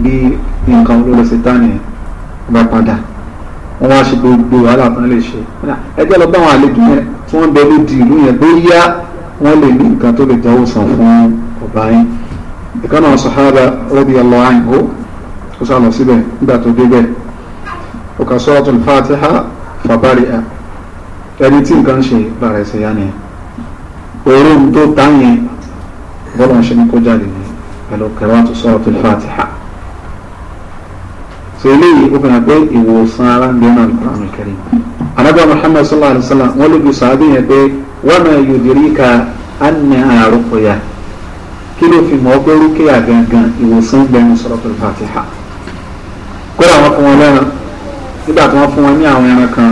bí nǹkan olóró ṣe tán ọba padà wọ́n ṣe gbogbo wàhálà tán le ṣe ẹgbẹ́ lọ tí wọ́n bẹ lódì ìlú yẹn wọ́n le ní nǹkan tó lè dáwọ́ fún ọba radiyallahu anhu Fatiha ẹni tí nǹkan ṣe bàrẹ̀ ni tó yẹn bọ́lá ń ṣe ní kó jáde ni. pẹ̀lú kẹrọ́tù sọ́ọ̀tù fatiha so eléyìí ó fẹ́ràn pé ìwòsàn ara ń bẹ́ẹ̀ náà ní kúránù kẹrin anábẹ́ muhammad sallallahu alayhi wa sallam wọ́n lè bi sàádé yẹn pé wa ma yudirika anna àrùkọ̀yà kí ló fi mọ̀ ọ́ pé rúkìá gangan ìwòsàn gbẹ̀mí sọ́ọ̀tù fatiha kódà wọ́n fún wọn lẹ́ran nígbà tí wọ́n fún wọn ní àwọn ẹran kan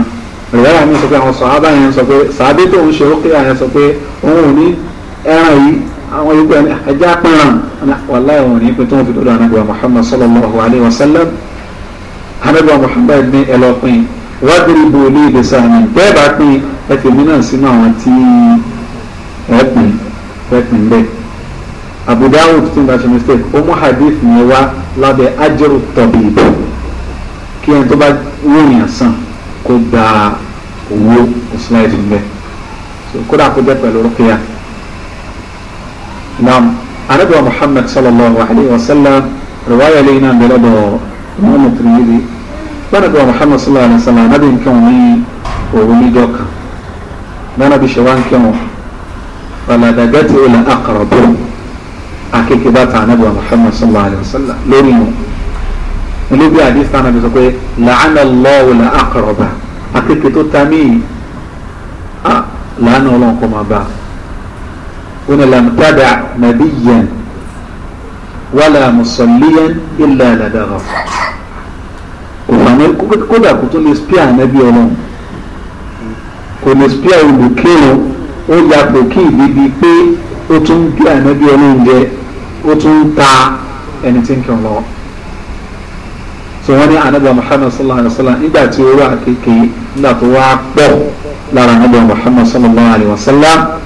rẹ̀yà mi sọ pé àwọn sàábà àwọn yòókù ẹni ẹjẹ apẹran wàlá ẹwọn ní pé tí wọn fi dọdọ anabiwa muhammad sallallahu alayhi wa sallam anabiwa muhammad ní ẹ lọ pin wádìrí bo ilé ìgbésà ni bẹ́ẹ̀ bá pin ẹ fèmí náà sínú àwọn tí ẹ pin ẹ pin bẹ́ẹ̀ abu dawud tí n bá ṣe mistake ó mú hadith yẹn wá lábẹ́ ajru tabib kí ẹni tó bá wúyàn sàn kó gba owó ìsúná ìdìbò bẹ́ẹ̀ kódà kó jẹ́ pẹ̀lú rúkìá nam anabi wa muhammad sallallahu alayhi wa sallam riwaya leyna belado imamu tirimidi anabi wa muhammad sallallahu alayhi wa sallam anabi nkan ni òru níjọ́ kan nanabi ṣe wá ń kẹwọn faladagati ila aqrabu akeke bàtà anabi wa muhammad sallallahu alayhi wa sallam lórí mu olóbi àdìsá anabi sọ pé la'ana allahu la aqraba akeke tó ta mí ah, wọn لم تدع nàbíyàn ولا mùsọ̀líyàn ilà àdàdàrà kò fàmí kódà kò tó lè spíà nàbí ọlọ́run kò lè spíà olùkírun ó yàgò kí ìdíbi pé ó tún ń الله ànábí ọlọ́run jẹ ó tún ń ta ẹni tí ń kírun lọ́wọ́ so anabi muhammad sallallahu alaihi wa sallam nígbà tí ó rà kékeré nígbà tó wá pọ̀ lára anabi muhammad sallallahu alaihi wa sallam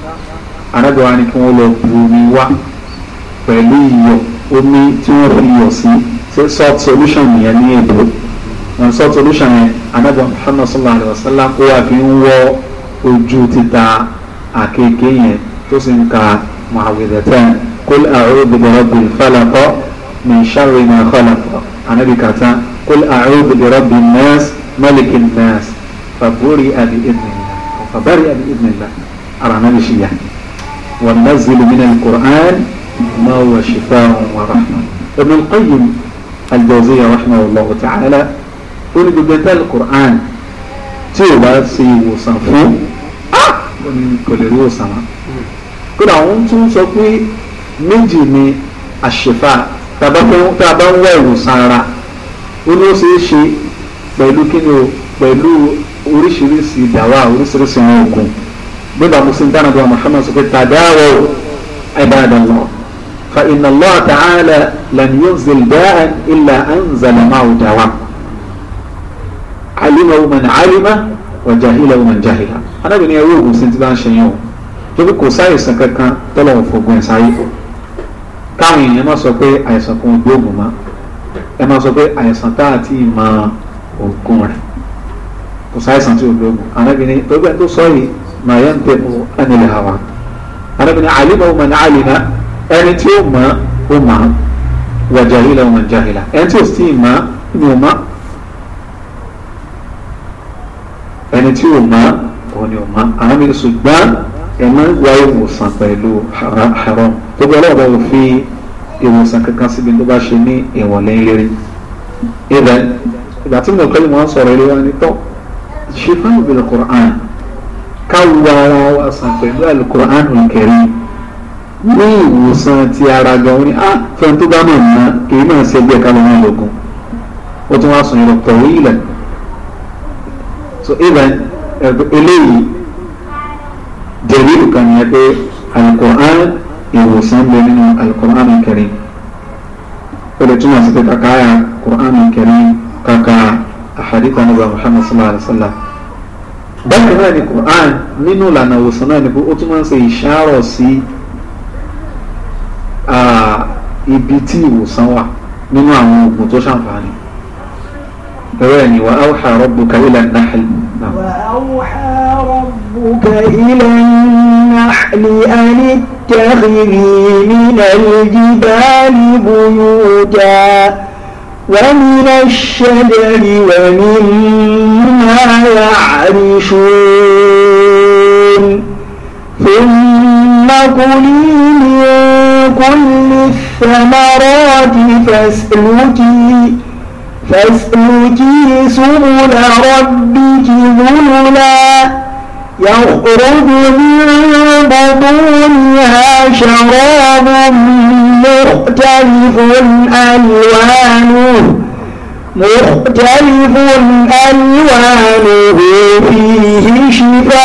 arábìnrin wa ni kí wọ́n lọ bu omi wá pẹ̀lú iyọ̀ omi tí wọ́n fi iyọ̀ sí salt solution nìyẹn ní èdè wọn salt solution yẹn anábìnrin muhammad sallallahu alayhi wa sallam ó wà fi ń wọ ojú títa àkekèé yẹn tó sì ń ka mu'awwidhatayn qul a'udhu bi rabbil falaq min sharri ma khalaq anábìkàtà qul a'udhu bi rabbin nas malikin nas fàbórí àbí ìdìnnìlá fàbórí àbí ìdìnnìlá ara náà lè ṣe وننزل من القرآن ما هو شفاء ورحمة ابن القيم الجوزية رحمه الله تعالى قل بجد القرآن تيو باسي وصفو آه كل يوصنا كل عون تنسوكي من جيني الشفاء tàbá ń wá ìwòsàn ara ó ló بيلو é ṣe pẹ̀lú kíni o bíbá muslim dáná bí wa muhammad sọ pé tàdáwò ibadallah fa inna allah ta'ala lam yunzil da'an illa anzala ma'u dawa alimahu man alima wa jahilahu man jahila anábìnrin ẹrú ògùn sí ti bá ń ṣe yẹn o tóbi kò sáyẹ̀sán kankan tọ́lọ́wọ́ fògùn ẹ̀ sáyé káwọn èèyàn máa sọ pé àìsàn kan ò gbóògùn mọ́ ẹ máa sọ pé àìsàn tá àti ìmọ̀ ògùn rẹ̀ kò sáyẹ̀sán tí ò gbóògùn anábìnrin tó gbẹ́ tó sọ yìí ما ينطق عن الهوى أنا بن علمه من علم ẹni tí ó mọ̀ ó mọ̀ wa jahilahu man jahilah ẹni tí ó sì mọ̀ ni ó mọ̀ ẹni tí ó mọ̀ òun ni ó mọ̀ àwọn mi ṣùgbọ́n ẹ máa ń gba ìwòsàn pẹ̀lú haram tó gbọ́dọ̀ bá fi ìwòsàn kankan síbi tó bá ṣe ní ìwọ̀n lẹ́yìn ibẹ̀ ìgbà tí mo kọ́ ìmọ̀ sọ̀rọ̀ ilé wa ni tọ́ ṣe fáwọn ìbílẹ̀ Qur'an ká wo ara wa sàn pẹ̀lú alukur'anu kẹrin ní ìwòsàn ti ara gan ni a fẹ́ tó bá mọ̀ ná kì í máa ṣe ẹgbẹ́ ká lọ wọn lọ́gùn ó tún wá sùn ìrọ̀pọ̀ ilẹ̀ so even eléyìí jẹ̀rí ìkan nìyẹn pé alukur'an ìwòsàn bẹ nínú alukur'anu kẹrin ó lè túmọ̀ sí pé kàkà àyà kur'anu kẹrin kàkà àhàdìkọ̀ nígbà Muhammad sallallahu alayhi wa sallam bákan náà ni Quran nínú ìlànà ìwòsàn náà ni pé ó tún máa ń ṣe ìṣàrọ̀ sí ibi tí ìwòsàn wà nínú àwọn oògùn tó ṣàǹfààní bẹ́ẹ̀ ni wa awha rabbuka ila an-nahl. wa awha rabbuka ila an-nahl an ittakhidhi min al-jibali buyuta. ومن الشجر ومما يعرشون ثم كلي من كل الثمرات فاسلكي فاسلكي سبل ربك ذللا يخرج من بطونها شراب مختلف ألوانه مختلف ألوانه فيه شفاء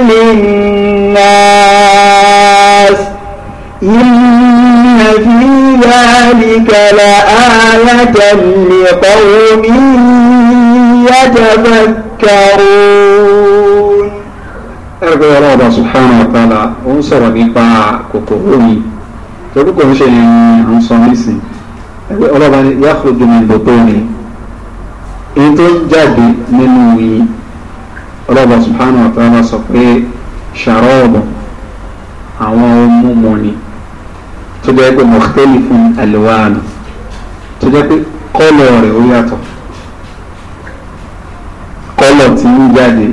للناس إن في ذلك لآية لقوم يتفكرون tadhakkarun. ẹ̀rọ ọlọ́run ọba subhanahu wa ta'ala ó ń sọ̀rọ̀ nípa kòkòrò mi torí kò ń ṣe yẹn ni à ń sọ nísìn ẹ̀rọ ọlọ́ba yakhruju min butuni èyí tó ń jáde nínú yìí ọlọ́ba subhanahu wa sọ pé ṣàrọ́ọ̀bù àwọn ohun ni tó jẹ́ pé mukhtalifun alwanu tó jẹ́ pé kọ́lọ̀ rẹ̀ ó yàtọ̀ tí ń jáde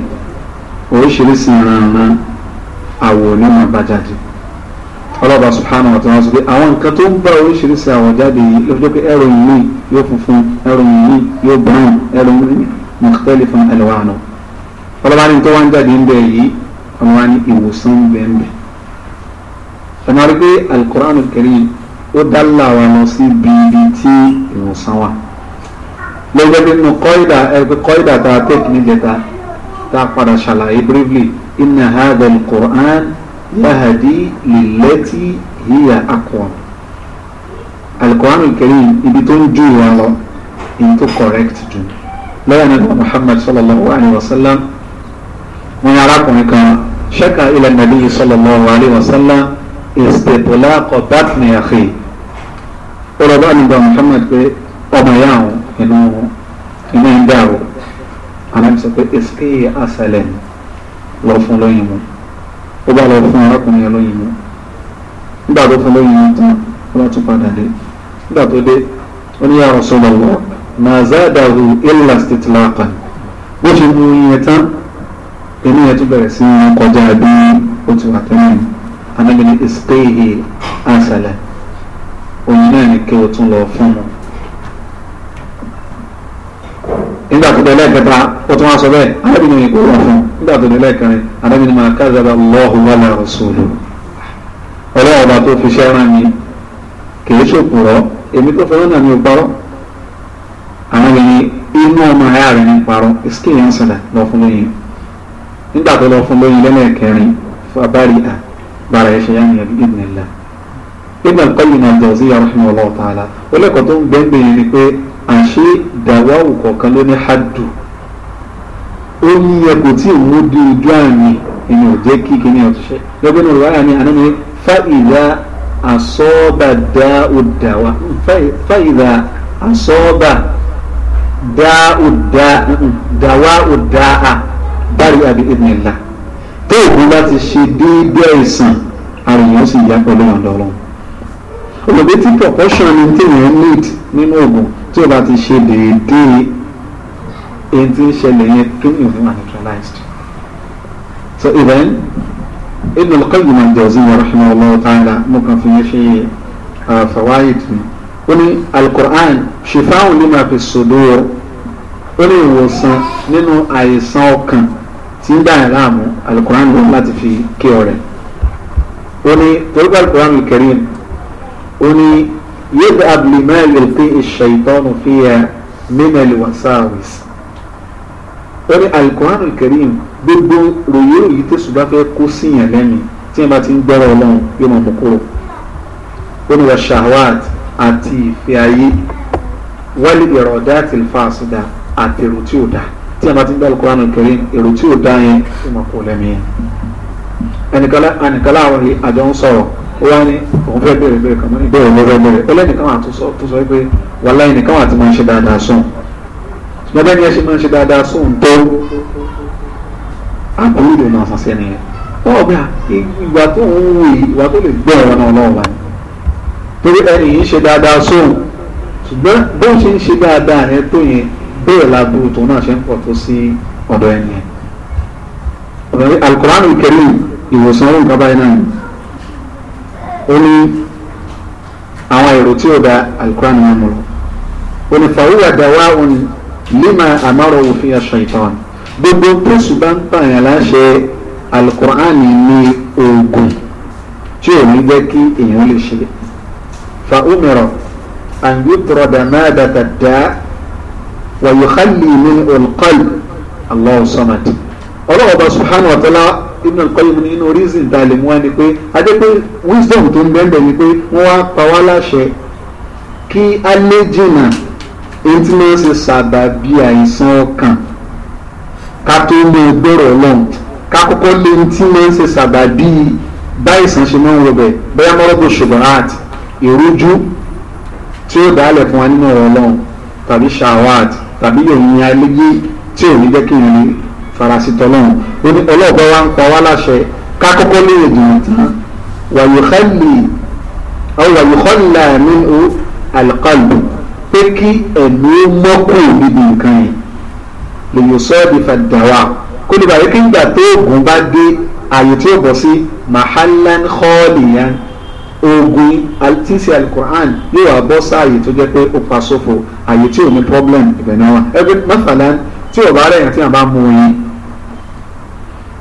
oríṣiríṣi ìrànràn àwọ̀ ní máa bá jáde ọlọ́ba subhanahu wa ta'ala sọ pé àwọn nǹkan tó ń bá oríṣiríṣi àwọ̀ jáde yìí ló fi jẹ́ pé ẹ̀rọ̀yìn yìí yóò funfun ẹ̀rọ̀yìn yìí yóò brown ẹ̀rọ̀yìn yìí mukhtalifan alwanu ọlọ́ba ní tó wá ń jáde ń bẹ yìí ọmọ wa ní ìwòsàn ń bẹ ń bẹ tẹ̀mọ́rí pé al-Qur'an al-Karim ó dá làwọn lọ sí ibi tí ìwòsàn wà lọ́jọ́ pé nínú kọ́ìdà ẹgbẹ́ kọ́ìdà tá a tẹ̀kì níjẹta tá a padà ṣàlàyé briefly inna hadha al-Qur'an yahadi lillati hiya aqwam al-Qur'an al-Karim ibi tó ń ju ìwà lọ èyí tó correct jù lọ́yà náà Muhammad sallallahu alayhi wa sallam wọn arákùnrin kan ṣẹ́ka ilẹ̀ nàbí sallallahu alayhi wa sallam ìsètòlá kọ̀bátìmẹ̀ àkè ọlọ́dọ̀ Muhammad pé ọmọ yà àwọn inú inú ń dàrú ànábì sọ pé èsìké àṣàlẹ̀ lọ fún lóyún mu ó bá lọ fún arákùnrin yẹn lóyún mu nígbà tó fún lóyún mu tán ó bá tún padà dé nígbà tó dé ó ní ya Rasulullah ma zadahu illa istitlaqan bó ṣe mú yẹn tán inú yẹn tún bẹ̀rẹ̀ sí í kọjá bí ó ti wà tẹ́lẹ̀ ànábì ní èsìké àṣàlẹ̀ náà ni kí o tún lọ fún un. nígbà tó délẹ̀ kẹta ó tún wá sọ bẹ́ẹ̀ arábìnrin yìí kò rọ̀ fún nígbà tó délẹ̀ kẹrin arábìnrin máa kazaba Allahu wala rasulu ọlọ́wọ́ ọba tó fi ṣẹ́ rán mi kì í ṣòkùrọ̀ èmi tó fẹ́ràn náà mi ò parọ́ àwọn ènìyàn inú ọmọ ayá rẹ̀ ní parọ́ ìsìkì yẹn ń sọ̀dà lọ fún lóyìn nígbà tó lọ fún lóyìn lẹ́lẹ̀ kẹrin fàbárì à bàrà ẹ̀ṣẹ̀ yá ni ẹ̀bí ìdìnnìlá Ibn Qayyim al-Jawziyya rahimahullah ta'ala ó dàwáwù kọ̀ọ̀kan ló ní hadu ó ní ẹkọ tí òun ó dé ojú àmì ìní ò jẹ́ kí kíní ọ̀túnṣe lọ́gbẹ́ náà wáyà ni àná ni fáìlà àsọ́bàdá òdàwà fáìlà àsọ́bà dá òdà dàwà òdà à bárí àbí ìdìnnìlá tó òkú láti ṣe déédéé àìsàn àrùn sì yá pẹ̀lú ọ̀dọ́ olùgbé tí proportion ni téèyàn need nínú oògùn tí o bá ti ṣe déédéé èyí tí ń ṣẹlẹ̀ yẹn kéwìn fún wa neutralized so ibẹ̀ Ibn al-Qayyim al-Jawziyya rahimahullahu ta'ala mo kàn fi yẹn ṣe fawaid ni ó ní al-Qur'an shifa'un lima fi sudur ó ní ìwòsàn nínú àìsàn ọkàn tí ń dà láàmú al-Qur'an ló láti fi kí ọ̀rẹ́ ó ní torí pé al-Qur'an ó ní. يذهب لما يلقيه الشيطان فيها من الوساوس ó ní alukoran kareem gbogbo ròyìn èyí tó ṣùgbọ́n fẹ́ kó síyàn lẹ́nu tí wọ́n bá ti ń gbọ́rọ̀ ọlọ́run yóò máa mú kúrò ó ní wàṣàwàt àti ìfẹ́ ayé wálé ìrọ̀dá àti ìfàṣùdà àti èrò tí ò ti ń gbọ́ alukoran kareem èrò tí ò dá yẹn yóò máa kó lẹ́nu yẹn ẹnìkan láwọn àjọ ó wá ní òun fẹ́ bẹ̀rẹ̀ bẹ̀rẹ̀ kàmọ́ ìbéèrè ló fẹ́ bẹ̀rẹ̀ ẹlẹ́nìkan wà tó sọ tó sọ pé wàhálà ẹnìkan wà tí máa ń ṣe dáadáa sùn ṣùgbọ́n bẹ́ẹ̀ ni ẹ ṣe máa ń ṣe dáadáa sùn tó àbúrò lè máa sàṣẹ nìyẹn wọ́n bí ah, ìgbà tó ń wù ìwà tó lè gbọ́ ẹ̀rọ náà lọ́wọ́ wa ni torí ẹni yìí ń ṣe dáadáa sóhun ṣùgbọ́n bó ṣe ń ṣe dáadáa rẹ tó yẹn bẹ́ẹ̀ lágbo tó náà ṣe ń pọ̀ tó sí ọ̀dọ̀ ẹni yẹn. Al-Qur'an al-Karim ìwòsàn ọ̀rọ̀ nǹkan náà ni ó ní àwọn èrò tí ó da alukuran wọn mọ̀ ó ní fàwíwà dáwà òní lima àmọ́rọ̀ òfin aṣọ ìtàn gbogbo pẹ́sù bá ń pààyàn láṣẹ alukuran ní oògùn tí ò ní jẹ́ kí èèyàn lè ṣe fa umiro àyùtọ̀rọ̀dà máa dàtà dá wàyùkálì ní olùkọ́lù allah samad ọlọ́wọ́ bá subhanahu wa ta'ala. Ibn al-Qayyim ní inú reason ta lè mú wá ni pé adé wisdom tó ń bẹ́ẹ̀ ni pé wọ́n wá pa wá láṣẹ kí á lé jìnnà èyí tí wọ́n ṣe sábàbí àìsàn ọkàn ká tó lè gbọ́rọ̀ ọlọ́run ká kọ́kọ́ lé ní tí wọ́n ṣe sábàbí báyìísàn ṣe máa ń rọbẹ̀ bóyá mọ́rọ́bù ṣùgbọ́nát ìrújú tí ó dálẹ̀ fún wa nínú ọ̀rọ̀ ọlọ́run tàbí ṣàwáàt tàbí yòóyin ayélujára tí ò ní jẹ́ kí n farasitọ́ lọ́run ọlọ́ọ̀bẹ wa ń pa wá láṣẹ kákọ́kọ́ ní èdèyàn tán wàyùkọ́lì wàyùkọ́là nínú àlùkọ́lù pé kí ẹ̀mí mọ́kù níbi nǹkan yẹn lèyìn sọ́ọ̀dì fàdáwà kó lè bàyí kí n gbà tó oògùn bá dé ààyè tí ó bọ̀ sí mahalan khaliyan oògùn tí ń ṣe alukur'an yóò wá bọ́ sáàyè tó jẹ́ pé ó pa sófo ààyè tí ò ní problem ìbẹ̀ ẹgbẹ́ mẹ́fàlá tí ò bá rẹ̀ yẹn tí wọ́n bá mú yín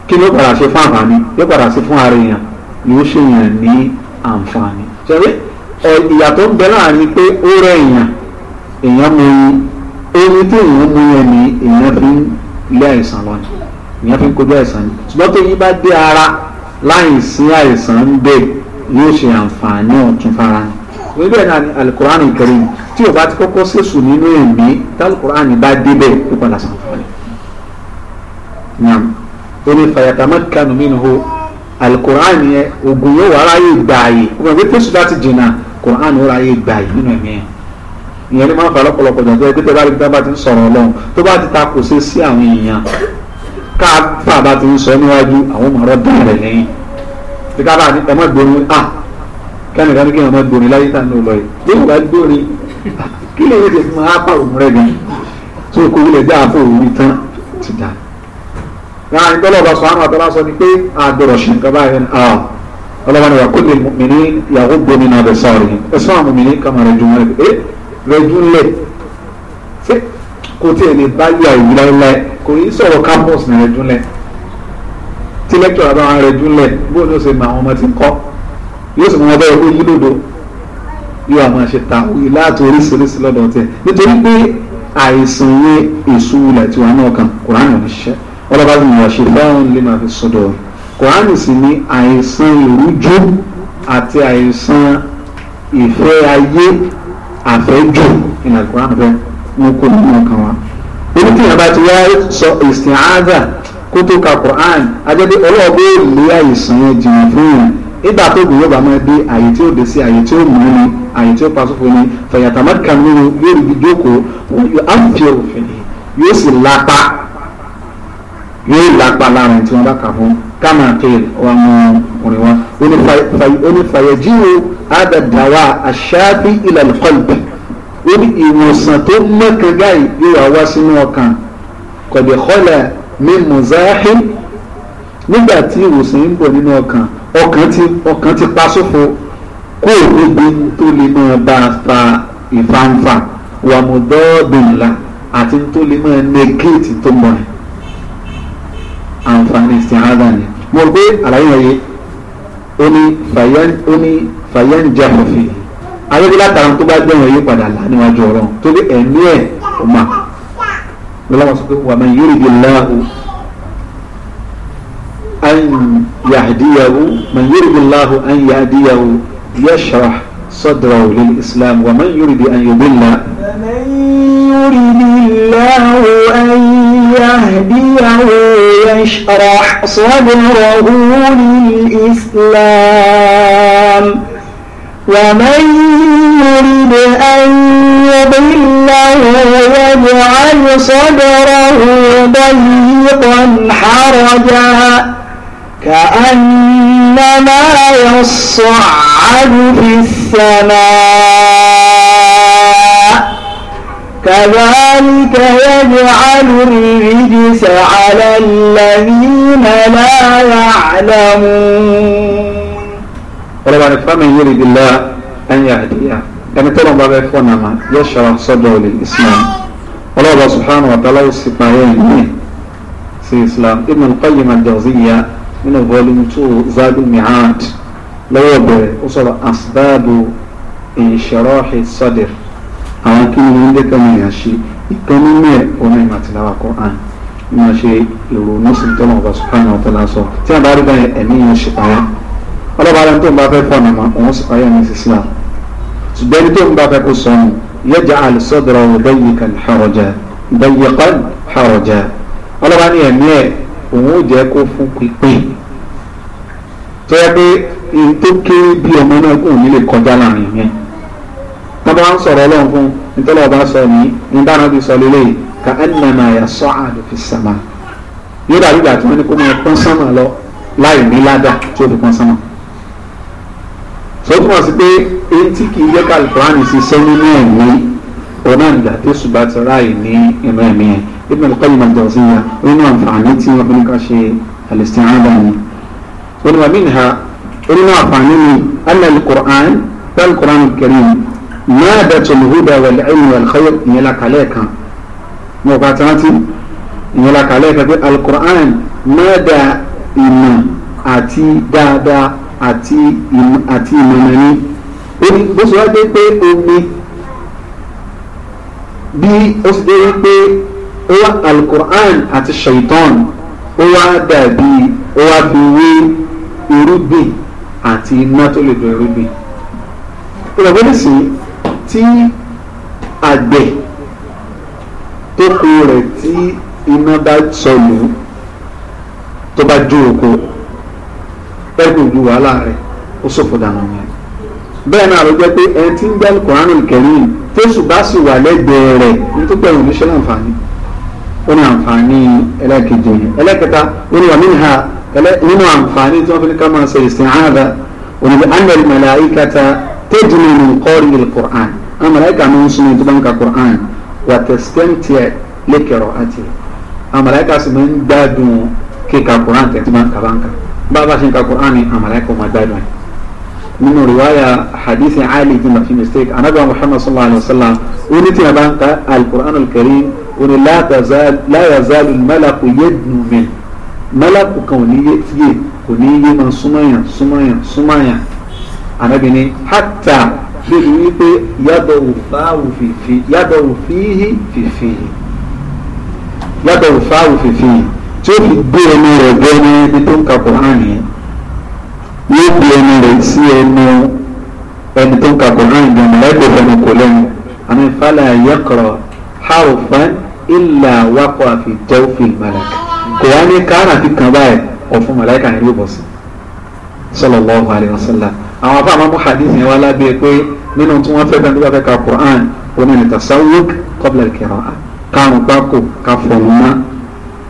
kí ló padà ṣe fún àǹfààní yóò padà ṣe fún ara èèyàn yóò ṣèyàn ní àǹfààní. ṣẹ̀rí ìyàtọ̀ ń bẹ láàrin pé ó rẹ èèyàn èèyàn mú omi tí èèyàn mú yẹn ni èèyàn fi ń lé àìsàn lọ ni èèyàn fi ń kojú àìsàn ni ṣùgbọ́n tó yín bá dé ara láì sí àìsàn ń bẹ yóò ṣe àǹfààní ọ̀tún fara ni níbẹ̀ náà ni alukur'an karim tí o bá ti kọ́kọ́ sèṣù nínú ẹ̀mí tí alukur'an bá débẹ̀ ó padà sàǹfààní orí fàyàtàmọ́kànù minhu alukur'an yẹn ogun yóò wá ráyè gbààyè ọmọ ìwé pèsè láti jìnnà kur'an yóò ráyè gbààyè nínú ẹ̀mí yẹn ìyẹn ni máa ń fa lọ́pọ̀lọpọ̀ jọ̀dọ̀ ẹgbẹ́ tó bá rí bá ti ń sọ̀rọ̀ ọlọ́run tó bá ti ta kò ṣe sí àwọn èèyàn ká fà bá ti ń sọ níwájú àwọn ọmọ ọ̀rọ̀ dán rẹ̀ lẹ́yìn tí ká bá ní ẹ má gbóni à kẹ́ni ká kí ẹ má gbóni láyé tá ní olọ yìí bí gbóni kí náà ní tọ́lọ̀ bá sọ̀rọ̀ àtọ́lá sọ ni pé àdọ̀rọ̀ ṣe nǹkan báyìí ah, ni ọlọ́wà ni wà kó lè mí ní ìyàwó gbomi náà bẹ̀ sọ̀rọ̀ yìí ẹ sọ́wọ́n mú mi ní kàmá rẹ̀ jùmọ̀ ẹ eh, rẹ̀ jùlẹ̀ ṣé kò tiẹ̀ lè bá yà ìwú láéláé kò yí sọ̀rọ̀ campus ní rẹ̀ jùlẹ̀ tí lẹ́kítọ̀rọ̀ bá wọn rẹ̀ jùlẹ̀ bó ni ṣe mọ àwọn ọmọ tí kọ́ yóò sì mọ wọ́n bá gbìyànjú àṣẹ báwọn lè máa fi sọ̀dọ̀ kòránì sì ni àìsàn ìrújú àti àìsàn ìfẹ́ ayé àfẹ́jù ìlànà kòránì fẹ́ mú kó nínú ọkàn wa orí tí ìyàbá ti wá sọ ìsìnàádà kó tó ka kòránì ajẹ́dẹ́ ọlọ́ọ̀bẹ lé àìsàn yẹn jìnnà fún yẹn ìgbà tó gbìyànjú bá máa dé àyè tí ó dé sí àyè tí ó mú ni àyè tí ó pa sófo ni fẹ̀yàtàmọ́kà nínú lórí ìjókòó yóò á fi òfin yóò sì lápá yóò lágbá láàrin tí wọn bá kà fún kama kéèl wọn mú orin wa onífàyẹjíwò àdàdàwà àṣàbí ilẹ̀ lọ́kọ̀lùbẹ̀ ó ní ìwòsàn tó mẹ́kẹ̀ẹ́gá yóò wá wá sínú ọkàn kọ̀dẹ̀kọ́lẹ̀ mi mùzáhì nígbà tí ìwòsàn ń bọ̀ nínú ọkàn ọkàn ti ọkàn ti pa sófo kó o gbogbo tó lè máa bá a fa ìfanfa wàmúdọ́ọ̀dùnlá àti tó lè máa negate tó mọ̀ ẹ́ àǹfààní ìsìnhádà ni mo rò pé àlàyé yẹn yé ó ní fàyẹ́n ó ní fàyẹ́n jẹ́ àfọ̀fì ayébílá tààrà tó bá gbẹ̀yìn yí padà là níwájú ọ̀rọ̀ torí ẹ̀mí ẹ̀ ò mà lọ́wọ́ sọ pé wà mí yóò di láàbù an yahdiyahu man yuridu Allahu an yahdiyahu yashrah صدره للإسلام ومن يريد أن يضل ومن يريد يهديه يشرح صدره للإسلام ومن يرد أن يضله يجعل صدره ضيقا حرجا كأنما يصعد في السماء كذلك يجعل الرجس على الذين لا يعلمون ولما فمن يريد الله أن يهديه يعني ترى بابا إخواننا يشرح صدره للإسلام الله سبحانه وتعالى يستطيعين في الإسلام ابن القيم الجوزية من الفوليوم 2 زاد المعاد لو وصل أسباب انشراح الصدر àwọn kí ni wọ́n dẹ́kẹ́ wọn yàn ṣe ìkan nínú ẹ̀ ọ̀nà ìmọ̀ àtìláwà Quran máa ṣe ìrònú sí tọ́nà ọba subhanahu wa ta'ala sọ tí a bá rí báyìí ẹ̀mí yẹn ṣe payá ọlọ́ba ara tó ń bá fẹ́ pọ̀ nàmọ́ òun sì payá ní Islam ṣùgbọ́n ẹni tó ń bá fẹ́ kó sọnù yaj'al sadrahu dayyiqan haraja dayyiqan haraja ọlọ́ba ní ẹ̀mí ẹ̀ òun ò jẹ́ kó fún pípé tó yẹ pé n tábà ń sọ̀rọ̀ ọlọ́run fún nítorí ọba sọ ní ní dáná ti sọ lélẹ̀ ka ẹnìyàn àyà sọ àdó fi sàmà yóò dàbí ìgbà tí wọ́n ní kó máa pọ́n sánmà lọ láì ní ládà tí ó fi pọ́n sánmà. sọ túmọ̀ sí pé etí kì í yẹ ká alukurani sí sẹ́ni ní ẹ̀mí ọ̀nà ìgbà tó ṣùgbọ́n ti ráàyè ní inú ẹ̀mí ẹ̀ Ibn al-Qayyim al-Jawziyya nínú àǹfààní tí wọ́n fi ní ká ṣe al-isti'adha ni. Mādatul huda wal ilmi wal khayr ìyẹn la kàlẹ́ kan mo bá ti rántí ìyẹn la kàlẹ́ kan pé alukur'an máàdà ìmọ̀ àti dáadáa àti ìmọ̀mọ̀ ni bó ṣe wá dé pé omi bí ó sì dé wípé ó wá alukur'an àti shaitan ó wá dàbí ó wá fi irúgbìn àti iná tó lè dùn irúgbìn tí àgbẹ̀ tó kó rẹ̀ tí iná bá sọlù tó bá jó oko ẹ̀kùn ju wàhálà rẹ̀ ó ṣòfò dànù yẹn bẹ́ẹ̀ náà ló jẹ́ pé ẹni tí ń gbẹ́ Al-Qur'anul Karim tóṣù bá sì wà lẹ́gbẹ̀ẹ́ rẹ̀ nítorí pẹ̀lú oníṣẹ́ láǹfààní ó ní àǹfààní ẹlẹ́ẹ̀kejì yẹn ẹlẹ́ẹ̀kẹta ó ní wà minha nínú àǹfààní tí wọ́n fi ní ká máa ṣe isti'adha òní bí anna al-malaikata tajri min qari'il Qur'an àwọn màláíkà máa ń súnmọ́ tó bá ń ka Qur'an wà tẹ̀sítẹ́ǹ tiẹ̀ lékèrọ̀ àti àwọn màláíkà sì máa ń gbádùn kíka Qur'an tẹ̀ tí máa ń ka bá ń ka bá a bá ṣe ń ka Qur'an ni àwọn màláíkà máa gbádùn ẹ̀. nínú riwaya hadithi ali bin mafi mistake anabi muhammad sallallahu alayhi wa sallam oní tí a bá ń ka al-Qur'an al malaku yadnu min malaku kan ò ní tiye kò ní yé máa súnmọ́ yàn súnmọ́ anabi ni hatta débi wípé yàtọ̀ òfáàwò fìfì yàtọ̀ òfìhì fìfì yàtọ̀ òfáàwò fìfì tí ó fi gbé ẹnu rẹ̀ gbé ẹnu ibi tó ń ka Kùránì yẹn yóò gbé ẹnu rẹ̀ sí ẹnu ẹni tó ń ka Kùránì yẹn mọ̀lẹ́gbẹ̀ fẹ́ni kò lẹ́nu àmì fàlà yẹ́kọ̀rọ̀ harfan ìlà wákọ̀ àfi jawfil màlàíkà kò wá ní káràfin kan báyìí ọ̀fun màlàíkà ni yóò bọ̀ sí sallallahu alaihi wasallam àwọn afá àmọ́ hadith yẹn wá lábẹ́ pé nínú tí wọ́n fẹ́ bẹ́ẹ̀ nígbà fẹ́ ka Qur'an oní ní tasawuk qabla al-qira'ah kárùn pákó ká fọ̀mù mọ́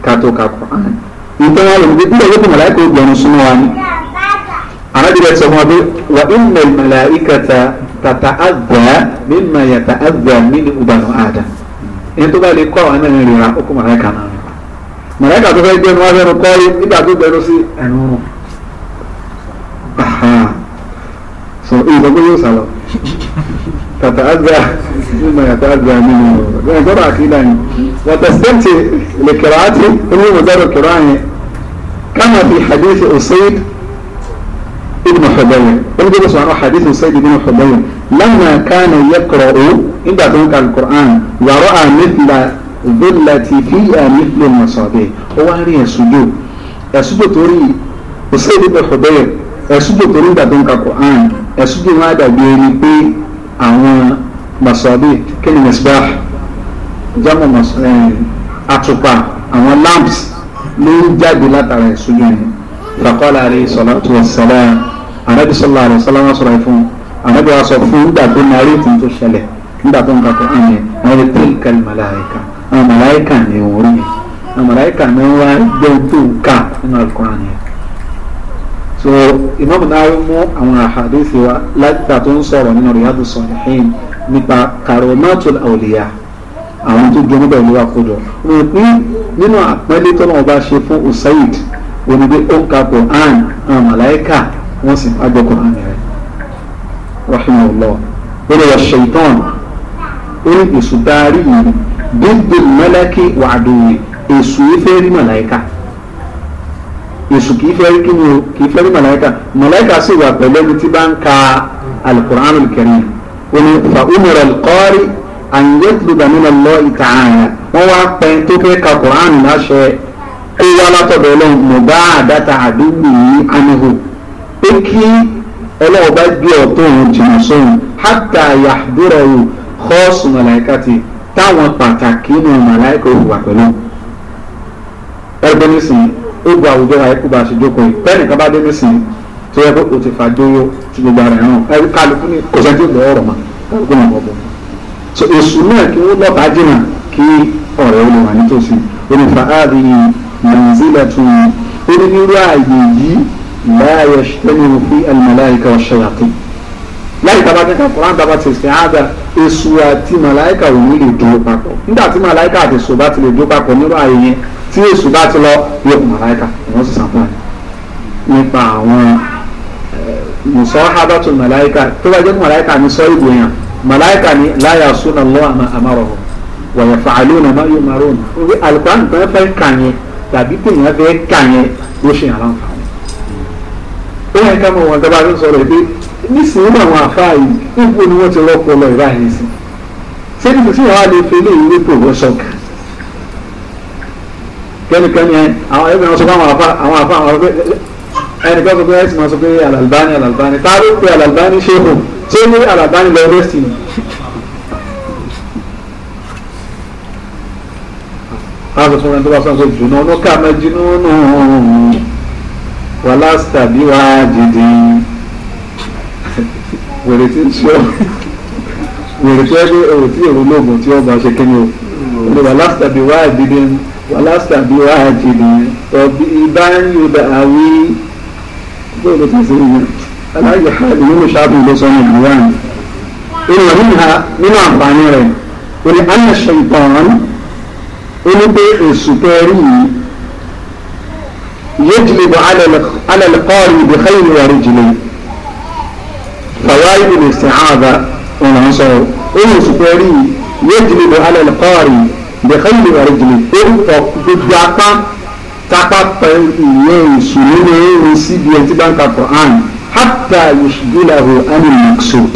ká tó ka Qur'an ìtọ́ wa lòdì bí ẹ̀yẹ́ fún màláìkà ògbọ̀nù súnmọ́ wa ni arábìnrin sọ fún wa pé wà inna al-mala'ikata tata'adha mimma yata'adha minhu banu Adam ẹni tó bá lè kọ́ àwọn ẹni rírà ó kó màláìkà náà màláìkà tó fẹ́ gbẹnu wá fẹ́nu kọ́ nígbà tó gbẹnu sí ẹnu rùn سوء ما يوصل تتأذى مما يتأذى منه جرعة كده وتستمتع لقراءته هو مجرد قراءة كما في حديث أصيد ابن حبيب ونجد سبحانه حديث أصيد ابن حبيب لما كان يقرأ عند تلك القرآن ورأى مثل ظلتي فيها مثل المصابيح هو هذه السجود السجود توري أصيد ابن حبيب السجود توري عند تلك القرآن ẹ̀sùn tó máa dàbí ẹni pé àwọn masabi kíni misbah jamu àtùpà àwọn lamps ló ń jáde látara ẹ̀sùn yẹn fàkọ́lá rẹ̀ salatu wassalam ànábì sallallahu alaihi wasallam wọn sọ̀rọ̀ fún ànábì wa sọ fún nígbà tó máa rí ìtàn ṣẹlẹ̀ nígbà tó ń kakọ́ ẹ̀yẹ àwọn ẹ̀rẹ́ tilkal màláìka àwọn màláìka ni òun rí àwọn màláìka ni wọ́n wá gbẹ́ tó nínú Al-Qur'an yẹn so Imam Nawawi mú àwọn àhàdíìsì wa lágbà tó ń sọ̀rọ̀ nínú Riyadu Salihin nípa karomatul awliya àwọn tó jẹun pẹ̀lú àkójọ wọn pín nínú àpẹẹlẹ tó náà bá ṣe fún Usaid onígbé ó ń ka Quran àwọn màláìka wọ́n sì ń gbọ́ Quran rẹ̀ rahimahullah wọ́n yọ ṣèitán orí èsù dárí yìí bíbí mẹ́lẹ́kì wàdùn èsù ìfẹ́ rí màláìka èṣù kìí fẹ́ rí kíni o kìí fẹ́ rí màláìka màláìka sì wà pẹ̀lú ẹni tí bá ń ka alukur'an al-karim omi fa umar al-qari an yatluba min Allah ta'ala wọ́n wá pẹ́ tó fẹ́ ka kur'an láṣẹ kó wá látọ̀dọ̀ ọlọ́run mọ̀gá àdáta àdúgbò yìí anihu pé kí ọlọ́run bá gbé ọ̀tọ̀ òun jìnnà sóhun hatta yahdura o kọ́ọ̀sù màláìka ti táwọn pàtàkì nù màláìka òwà pẹ̀lú ẹgbẹ́ nísìnyí egbò àwùjọ wa ẹkú bá ṣe jókòó yìí bẹ́ẹ̀ nìkan bá dé nísìnyí tó yẹ kó o ti fà jóyó tí gbogbo ara ẹ̀ràn ẹ̀rí kálukú ní kò sẹ́ńtì ìgbọ̀ ọ̀rọ̀ mà kálukú náà bọ̀ bọ̀ so èṣù náà kí wọ́n lọ́ta jìnnà kí ọ̀rẹ́ ó lè wà nítòsí onífà áàrí nàìjíríà tún onírúurú ààyè yìí láàyè ṣẹ́ni fi àlùmọ̀láyìíká ọ̀ṣẹ́yàtì láì bá kẹ́kẹ́ kọ́ra tá bá ti sìn áàdà èṣù àti màláyìíká òun lè dúró papọ̀ nígbà tí màláyìíká àti èṣù bá ti lè dúró papọ̀ nírú ààyè yẹn tí èṣù bá ti lọ yóò kún màláìka wọ́n sì sàǹfà nípa àwọn eh, mùsọ̀ abátún màláìka tó bá jẹ́ màláìka ní sọ ìbò yẹn màláìka ní láyà súnà lọ́wọ́ àmà àmàrọ̀ wọ̀nyẹ̀ fàálù nà má yóò màrún orí alùpàdé tó ń fẹ́ kà yẹn tàbí tèèyàn fẹ́ kà yẹn ló ṣe àlàǹ ó yẹ ká mọ wọn dábàá ló sọ̀rọ̀ pé nísìnyí làwọn àfáà yìí níbo ni wọn ti rọpò lọ ìráyè sí ṣé níbi tí wọn á lè fi eléyìí répò wọn sọkàn kẹ́nìkẹ́nì ẹ àwọn ẹgbẹ́ wọn sọ fún àwọn àfa àwọn àfa àwọn ọ̀rọ̀ pé ẹnìkan sọ pé ẹ̀sìn máa sọ pé Al-Albani Al-Albani ta ló pe Al-Albani ṣéhùn ṣé ní Al-Albani lọ rẹ́sì ni. láti fún ẹni tó bá sọ́nso jùlọ ọ̀nà ká mẹ́jì nínú wà lásìtà bí wà á dìde wèrè tí ń sọ wèrè tí ó ẹgbẹ́ òwò tí èrò lóògùn tí ó bá ṣe kéde o wà lásìtà bí wà á dìde. ولست بواجب وبإبان يدعوي قول تسليما على أي حال من شعب بصنع الديان إلا منها من أنفانيرين ولأن الشيطان ولبيع السكري يجلب على على القاري بخيل ورجلي فوائد الاستعاذة والعنصر السكري يجلب على القاري bẹ̀kẹ́yìn rẹ̀ jìnnì pé gbogbo apá tápá pẹ̀ ìyẹn ìṣòro rẹ̀ ń síbi ẹni bá ń ka Quran hatta yushbilahu anil maqsud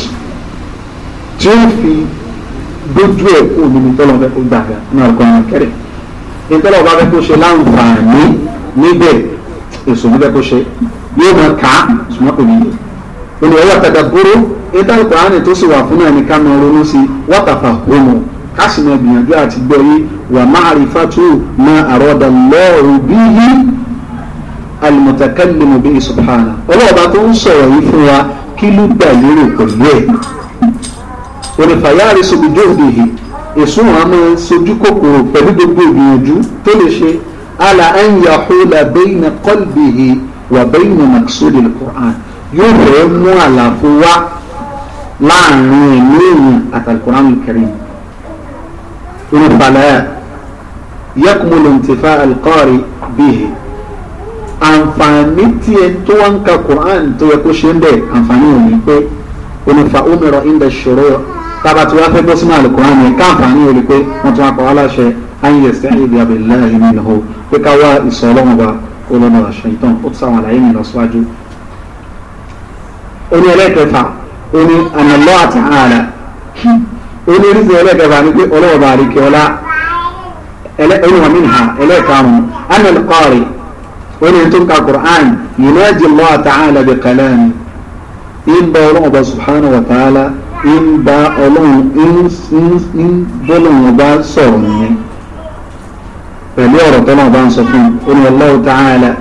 tí ó fi dójú ẹ̀ kó omi nítọ́lọ́ fẹ́ kó gbàgbà náà kọ́ ọ̀nà kẹrẹ̀ nítọ́lọ́ bá fẹ́ kó ṣe láǹfààní níbẹ̀ èso níbẹ̀ kó ṣe yóò máa kà á ṣùgbọ́n kò níye olùwẹ́wọ́ tàdàbúrò ìtàlùkọ́ àánì tó sì wà fún náà ronú sí wọ́tàfà hómù ká sì máa gbìyànjú àti gbọ́ yé wà ma'rifatu ma arada Allahu bihi al-mutakallimu bihi subhanahu ọlọ́ọ̀bá tó ń sọ̀rọ̀ yìí fún wa kí ló gbà lérò pẹ̀lú ẹ̀ onífàyàrí sobi jóòdì yìí èso wọn máa ń sojú kòkòrò pẹ̀lú gbogbo ìgbìyànjú tó lè ṣe ala an yahula bayna qalbihi wa bayna maqsudi al yóò fẹ́ mú àlàfo wá láàrin ẹ̀mí èèyàn àti al ربما يكمل انتفاع القارئ به àǹfààní tí ẹ tó wá ń ka quran tó yẹ kó ṣe ń bẹ àǹfààní ò ní pé onífa omiro inda ṣòro tábà tí wàá fẹ́ bọ́ sínú alukuran yẹn káàǹfààní ò ní pé wọ́n tún apá wá láṣẹ ayé ẹ̀sẹ̀ ìdí abẹ́lẹ́ ẹ̀mí ìnáwó pé ká wá ìsọ̀ ọlọ́run ọba olóńgbò àṣẹ ìtàn ó ti sáwọn àlàyé mi lọ síwájú. oní ẹlẹ́kẹfà oní ànàlọ́ àti ààrà onírísìí ẹlẹ́kẹfà ni pé ọlọ́wọ́ bá rí kíọ́lá ẹlẹ́wọ̀n mi nìha ẹlẹ́karùn-ún anil qari onírin tó ń ka qur'an yunaji allah ta'ala bi kalami in bá ọlọ́wọ́ bá subhanahu wa ta'ala in bá ọlọ́wọ́ in bọ́lọ́wọ́ bá sọ̀rọ̀ nìyẹn pẹ̀lú ọ̀rọ̀ tọ́lọ́wọ́ bá ń sọ fún un oníwàlọ́wọ́ ta'ala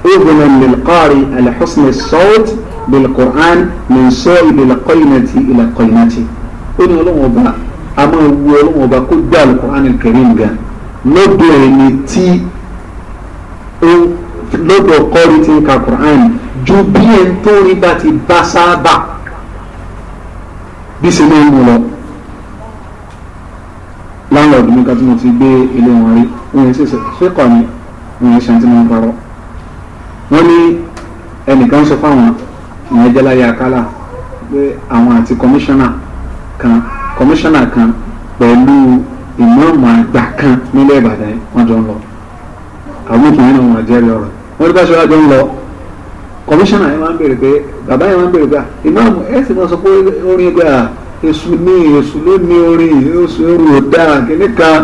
أذن للقارئ على الصوت بالقرآن من صائب القينة إلى قينته أذن لهم أما هو لهم أبا القرآن الكريم جان lọ́dọ̀ ẹni tí lọ́dọ̀ kọ́rí ti ń ka Qur'an ju bí ẹni tó rí bá ti bá sábà bí sinmi ń mú ti gbé ilé wọn wọn yẹn ṣe ṣe kọ́ wọn yẹn ṣe ti máa ń wọ́n ní ẹnìkan sọ fáwọn ìyẹn jẹ́láyé akálà pé àwọn àti kọmíṣánná kan kọmíṣánná kan pẹ̀lú ìmọ̀ọ́mù àgbà kan nílẹ̀ ìbàdàn wọ́n jọ ń lọ àwọn òkùnrin náà wọ́n jẹ́rìí ọ̀rọ̀ wọ́n ní bá ṣe wá jọ ń lọ kọmíṣánná yẹn máa ń béèrè pé bàbá yẹn máa ń béèrè pé ìmọ̀ọ́mù ẹ̀ sì máa sọ pé orin ẹgbẹ́ à èṣù ní èṣù ló ní orin èṣù èrò dáa kìnnìkan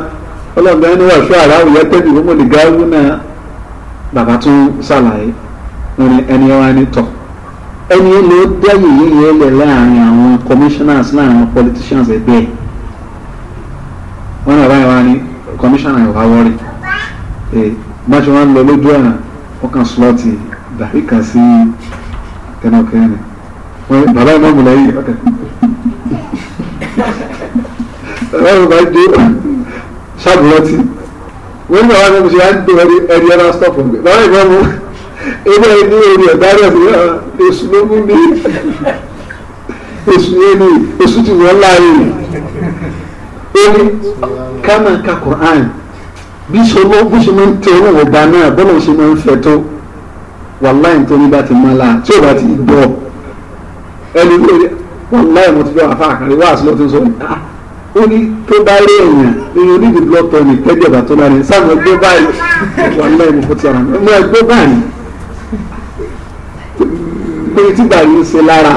ọlọ́gbẹ́ni bàbá tún ṣàlàyé wọn ni ẹni ọ̀rá ni tọ̀ ẹni ló dẹ́yìn yíyẹ lẹ̀ láàrin àwọn commissioners láàrin àwọn politicians ẹgbẹ́ ẹ̀ wọn ni bàbá yẹn wá ní commissioner yẹn wá wọ́ọ̀rì ẹ̀ bá ṣe wọn lọ lójú ọ̀nà wọn kàn slọ́ọ̀tì dàbí kan sí kẹnẹkẹnẹ bàbá yẹn mọ̀mọ́ lẹ́yìn ọ̀kẹ́ bàbá yẹn bá dé ṣàbùrọ̀tì wọ́n ní àwọn ọmọ ìṣẹ̀yà ń tó ẹ̀rí ẹ̀rá stop ń bẹ̀ báwọn ìbọn mu ebe ní orí ẹ̀dá rẹ̀ sí náà èṣù ló mú mi èṣù yẹn ni èṣù ti wọ́n láàyè ẹni kánà ka Quran bí ṣe mọ́ bí ṣe máa ń tẹ owó ọba náà bọ́lá ṣe máa ń fẹ́ tó wàláì tó ní bá ti mọ́ la tí ò bá ti gbọ́ ẹni lórí wàláì mo ti fẹ́ wà fáàkàrí wáàsí ló ti sọ yìí ah, ó ní tó bá rí èèyàn nínú onídìí blood tonic tẹ́jẹ̀ bá tó bá rí sáà gbé báyìí wọn náà mo fọ́tí ara mi ẹ gbé báyìí pé tí báyìí ń ṣe lára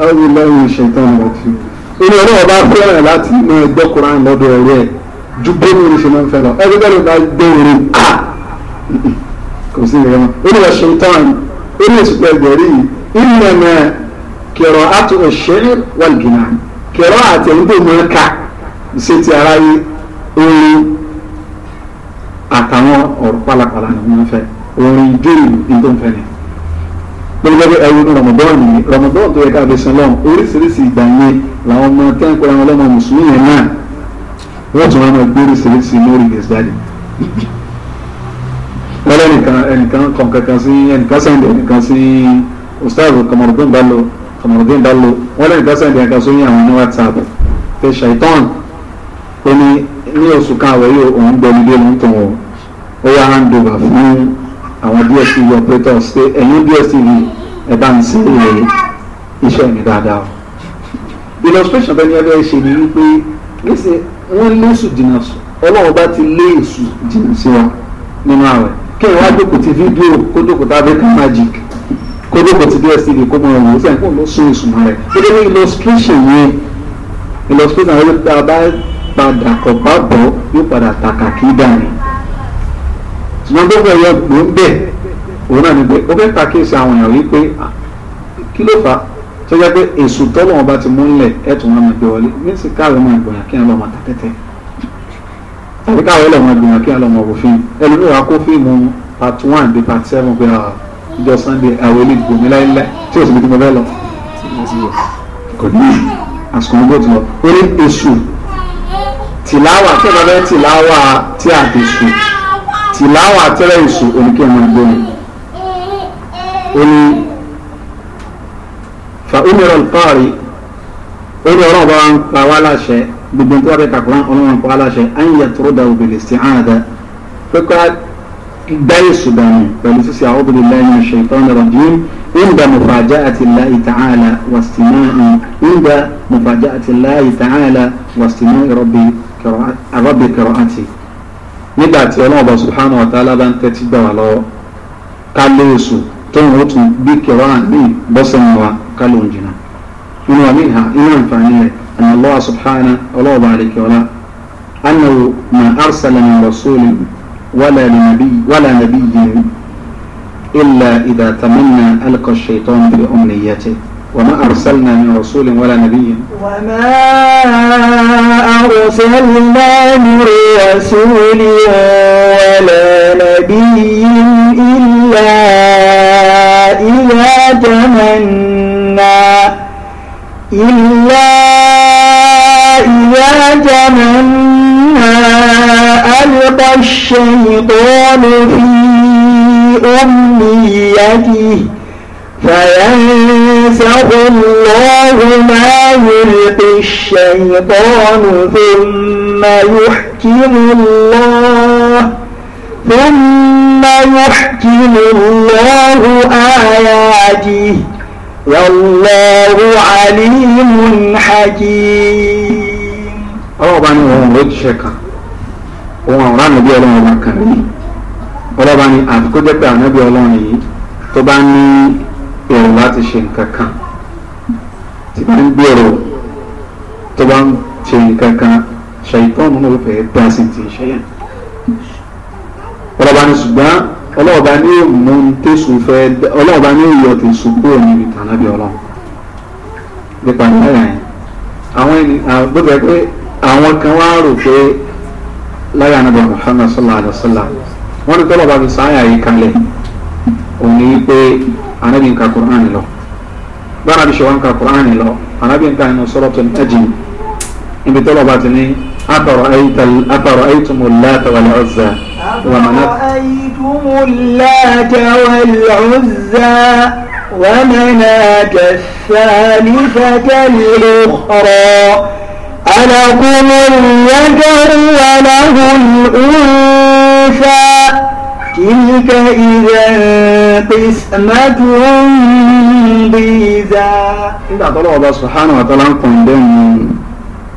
àwọn ìlànà ìṣẹ̀tàn lọ́tí inú ọlọ́wọ́ bá fẹ́ràn láti máa gbọ́ Kùránì lọ́dọ̀ ẹ̀rẹ́ ẹ̀ ju bóyá oríṣi máa ń fẹ́ lọ ẹgbẹ́ bẹ́ẹ̀ bá gbé orin a ah! kò sí ìrẹ́wọ̀n olùwà ṣètàn orí èsùpẹ̀ ẹgbẹ̀rí ìlànà kẹrọ àti ọ̀ṣẹ́ wàlùkìnà kẹrọ àti ẹni tó máa ka ṣe ti ara yìí orin àtàwọn ọ̀rọ̀ pálapàla ni wọ́n fẹ́ orin ìjọ́rì ní tó ń fẹ́ ni. gbẹgbẹgbẹ ẹrú ní rọmọdọ́n ni rọmọdọ́n tó yẹ ká fi san lọ́hùn oríṣiríṣi ìgbà yẹn làwọn ọmọ tẹ́ǹpẹ́ àwọn ọlọ́mọ mùsùlùmí yẹn náà wọ́n tún wọn gbé oríṣiríṣi lórí ìgbésíjáde lọ́lọ́ ẹnìkan kọ̀ọ̀kan sí ẹnìkan sẹ́ndẹ̀ ẹnìkan sí ustaz kọmọdún bá ọmọdún bá lo wọn lè gbọ́sẹ̀ ní ẹ̀ka sórí àwọn ní whatsapp pé ṣàìtàn pé ní ní oṣù kan àwẹ̀ yóò òun gbẹ̀mí dé lóńtọ̀ wọn ó wá hand over fún àwọn dstv operators pé ẹ̀yin dstv ẹ̀ bá ń sí iṣẹ́ mi dáadáa illustration bẹ́ẹ̀ ni ẹgbẹ́ ṣe ni wípé níṣẹ́ wọ́n lé èṣù jìnnà sùn ọlọ́run bá ti lé èṣù jìnnà sí wa nínú àwẹ̀ kí ẹ̀ wá jókòó ti fídíò kó jókòó tábí ká májìkì kó lóko ti dstv kó mọ ọ̀hún sí àìkú ló sún ìsúná rẹ̀ nítorí ní illustration yẹn illustration rẹ̀ tá a bá padà kọ̀ bá bọ̀ yóò padà tàkà kí dàní ṣùgbọ́n gbogbo ẹ̀yọ gbò ń bẹ̀ òun náà ni pé ó fẹ́ pàkíyèsí àwọn èèyàn wípé kí ló fà á tó jẹ́ pé èṣù tọ́lọ̀ wọn bá ti mú ńlẹ̀ ẹ̀ tún wọn máa gbé wọlé ní sì káàwé máa gbọ̀yàn kí wọn lọ́ọ́ máa ta tẹ́tẹ́ tàbí káàwé lọ́ọ́ máa gbọ̀yàn kí wọn lọ́ọ́ máa wò fíìmù ẹlòmíràn kó fíìmù part one dé part seven pé ìjọ sunday àwọn eléyìí gbòmí láéláé tí o sì ní kí mo fẹ́ lọ kò ní àsìkò ń gbòdì lọ orí èṣù tìláwà tí o bá fẹ́ tìláwà tí a ti sùn tìláwà tẹ́lẹ̀ èṣù oníkẹ́ ọmọ ẹgbẹ́ mi ó ní fa umira ó ní ọlọ́run bá ń pa wá láṣẹ gbogbo tó wà bẹ́ẹ̀ ọlọ́run pa wá láṣẹ an yatrudahu bil isti'ada pé ká gbáyé sùdánù pẹ̀lú sísè a'udhu billahi minash shaitanir rajim inda mufaja'ati Allahi ta'ala wastina'i inda mufaja'ati Allahi ta'ala wastina'i rabbi qira'ati. nígbà tí ọlọ́run bá subhanahu wa ta'ala bá ń tẹ́tí gbà wá lọ́wọ́ ká lóòsù tóun ó tún bí qira'a ní bọ́sẹ̀ wa ká lóun jìnnà. inú wa mi ha inú àǹfààní rẹ̀ àná Allah subhanahu ọlọ́run bá àlekè ọlá annahu ma arsala min rasulin ولا لنبي ولا نبي إلا إذا تمنى ألقى الشيطان بأمنيته وما أرسلنا من رسول ولا نبي وما أرسلنا من رسول ولا نبي إلا إذا تمنى إلا إذا تمنى ألقى الشيطان في أمنيته فينسخ الله ما يلقي الشيطان ثم يحكم الله ثم يحكم الله آياته والله عليم حكيم. أوه بانو هون شكرا. ohun àwọn ànábì ọlọ́run wa kàn rí ọlọ́ba ni àfikún jẹ́ pé ànábì ọlọ́run yìí tó bá ní èrò láti ṣe nǹkan kan tí bá ń gbèrò tó bá ń ṣe nǹkan kan ṣàìtọ́nù náà fẹ́ dá sí ti ṣe yẹn ọlọ́ba ni ṣùgbọ́n ọlọ́ọ̀ba ní òmù tẹ̀sùn fẹ́ ọlọ́ọ̀ba ní ìyọ̀ tẹ̀sùn kúrò níbi tànábì ọlọ́run nípa ìlànà yẹn àwọn ẹni gbọ́dọ̀ pé àwọn kan wá rò pé láyà nàbà Muhammad sallallahu alayhi wa sallam wọ́n ní tọ́lọ̀ bá fi sáyà yìí kalẹ̀ òun ní pé anabi ń ka Qur'an lọ bára bí ṣe wá ń ka Qur'an lọ anabi ń ka inú suratul najm ibi tọ́lọ̀ bá ti ní أفرأيتم اللات والعزى ومناة أفرأيتم اللات والعزى ومناة الثالثة الأخرى ألكم الذكر وله الأنثى تلك إذا قسمة ضيزى nígbà tó lọ́wọ́ bá subhanahu wa ta'ala ń kàn bẹ́ẹ̀ ni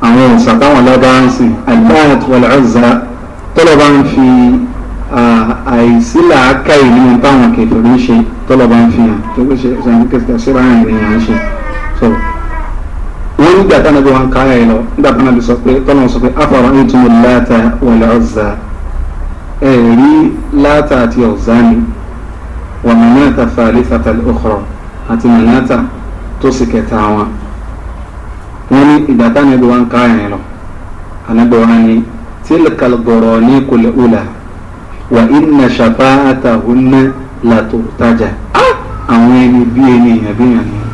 àwọn òòsàn táwọn lágbára ń sìn albat wal-Uzza tọ́lọ̀ bá ń fi àìsí làákàyè nínú táwọn kẹfẹ́ ń ṣe tọ́lọ̀ ń fi hàn tó ṣe ṣàǹkẹ́sì àṣírà à ń ṣe wọ́n ní gbàtà nàbí wọn káyà yìí lọ gbàtà nàbí sọ pé tọ́nà sọ pé afọ̀rọ̀ ń tún láta wal Uzza ẹ̀ rí láta àti Uzza ni wa Manata thalithata al-ukhra àti Manata tó sì kẹta wọn wọ́n ní ìgbàtà nàbí wọn káyà yìí lọ ànàbí wọn ni tilkal ghuraniqul ula wa inna shafa'atahunna la turtaja ah! àwọn ẹni bí ẹni ìyàbí ni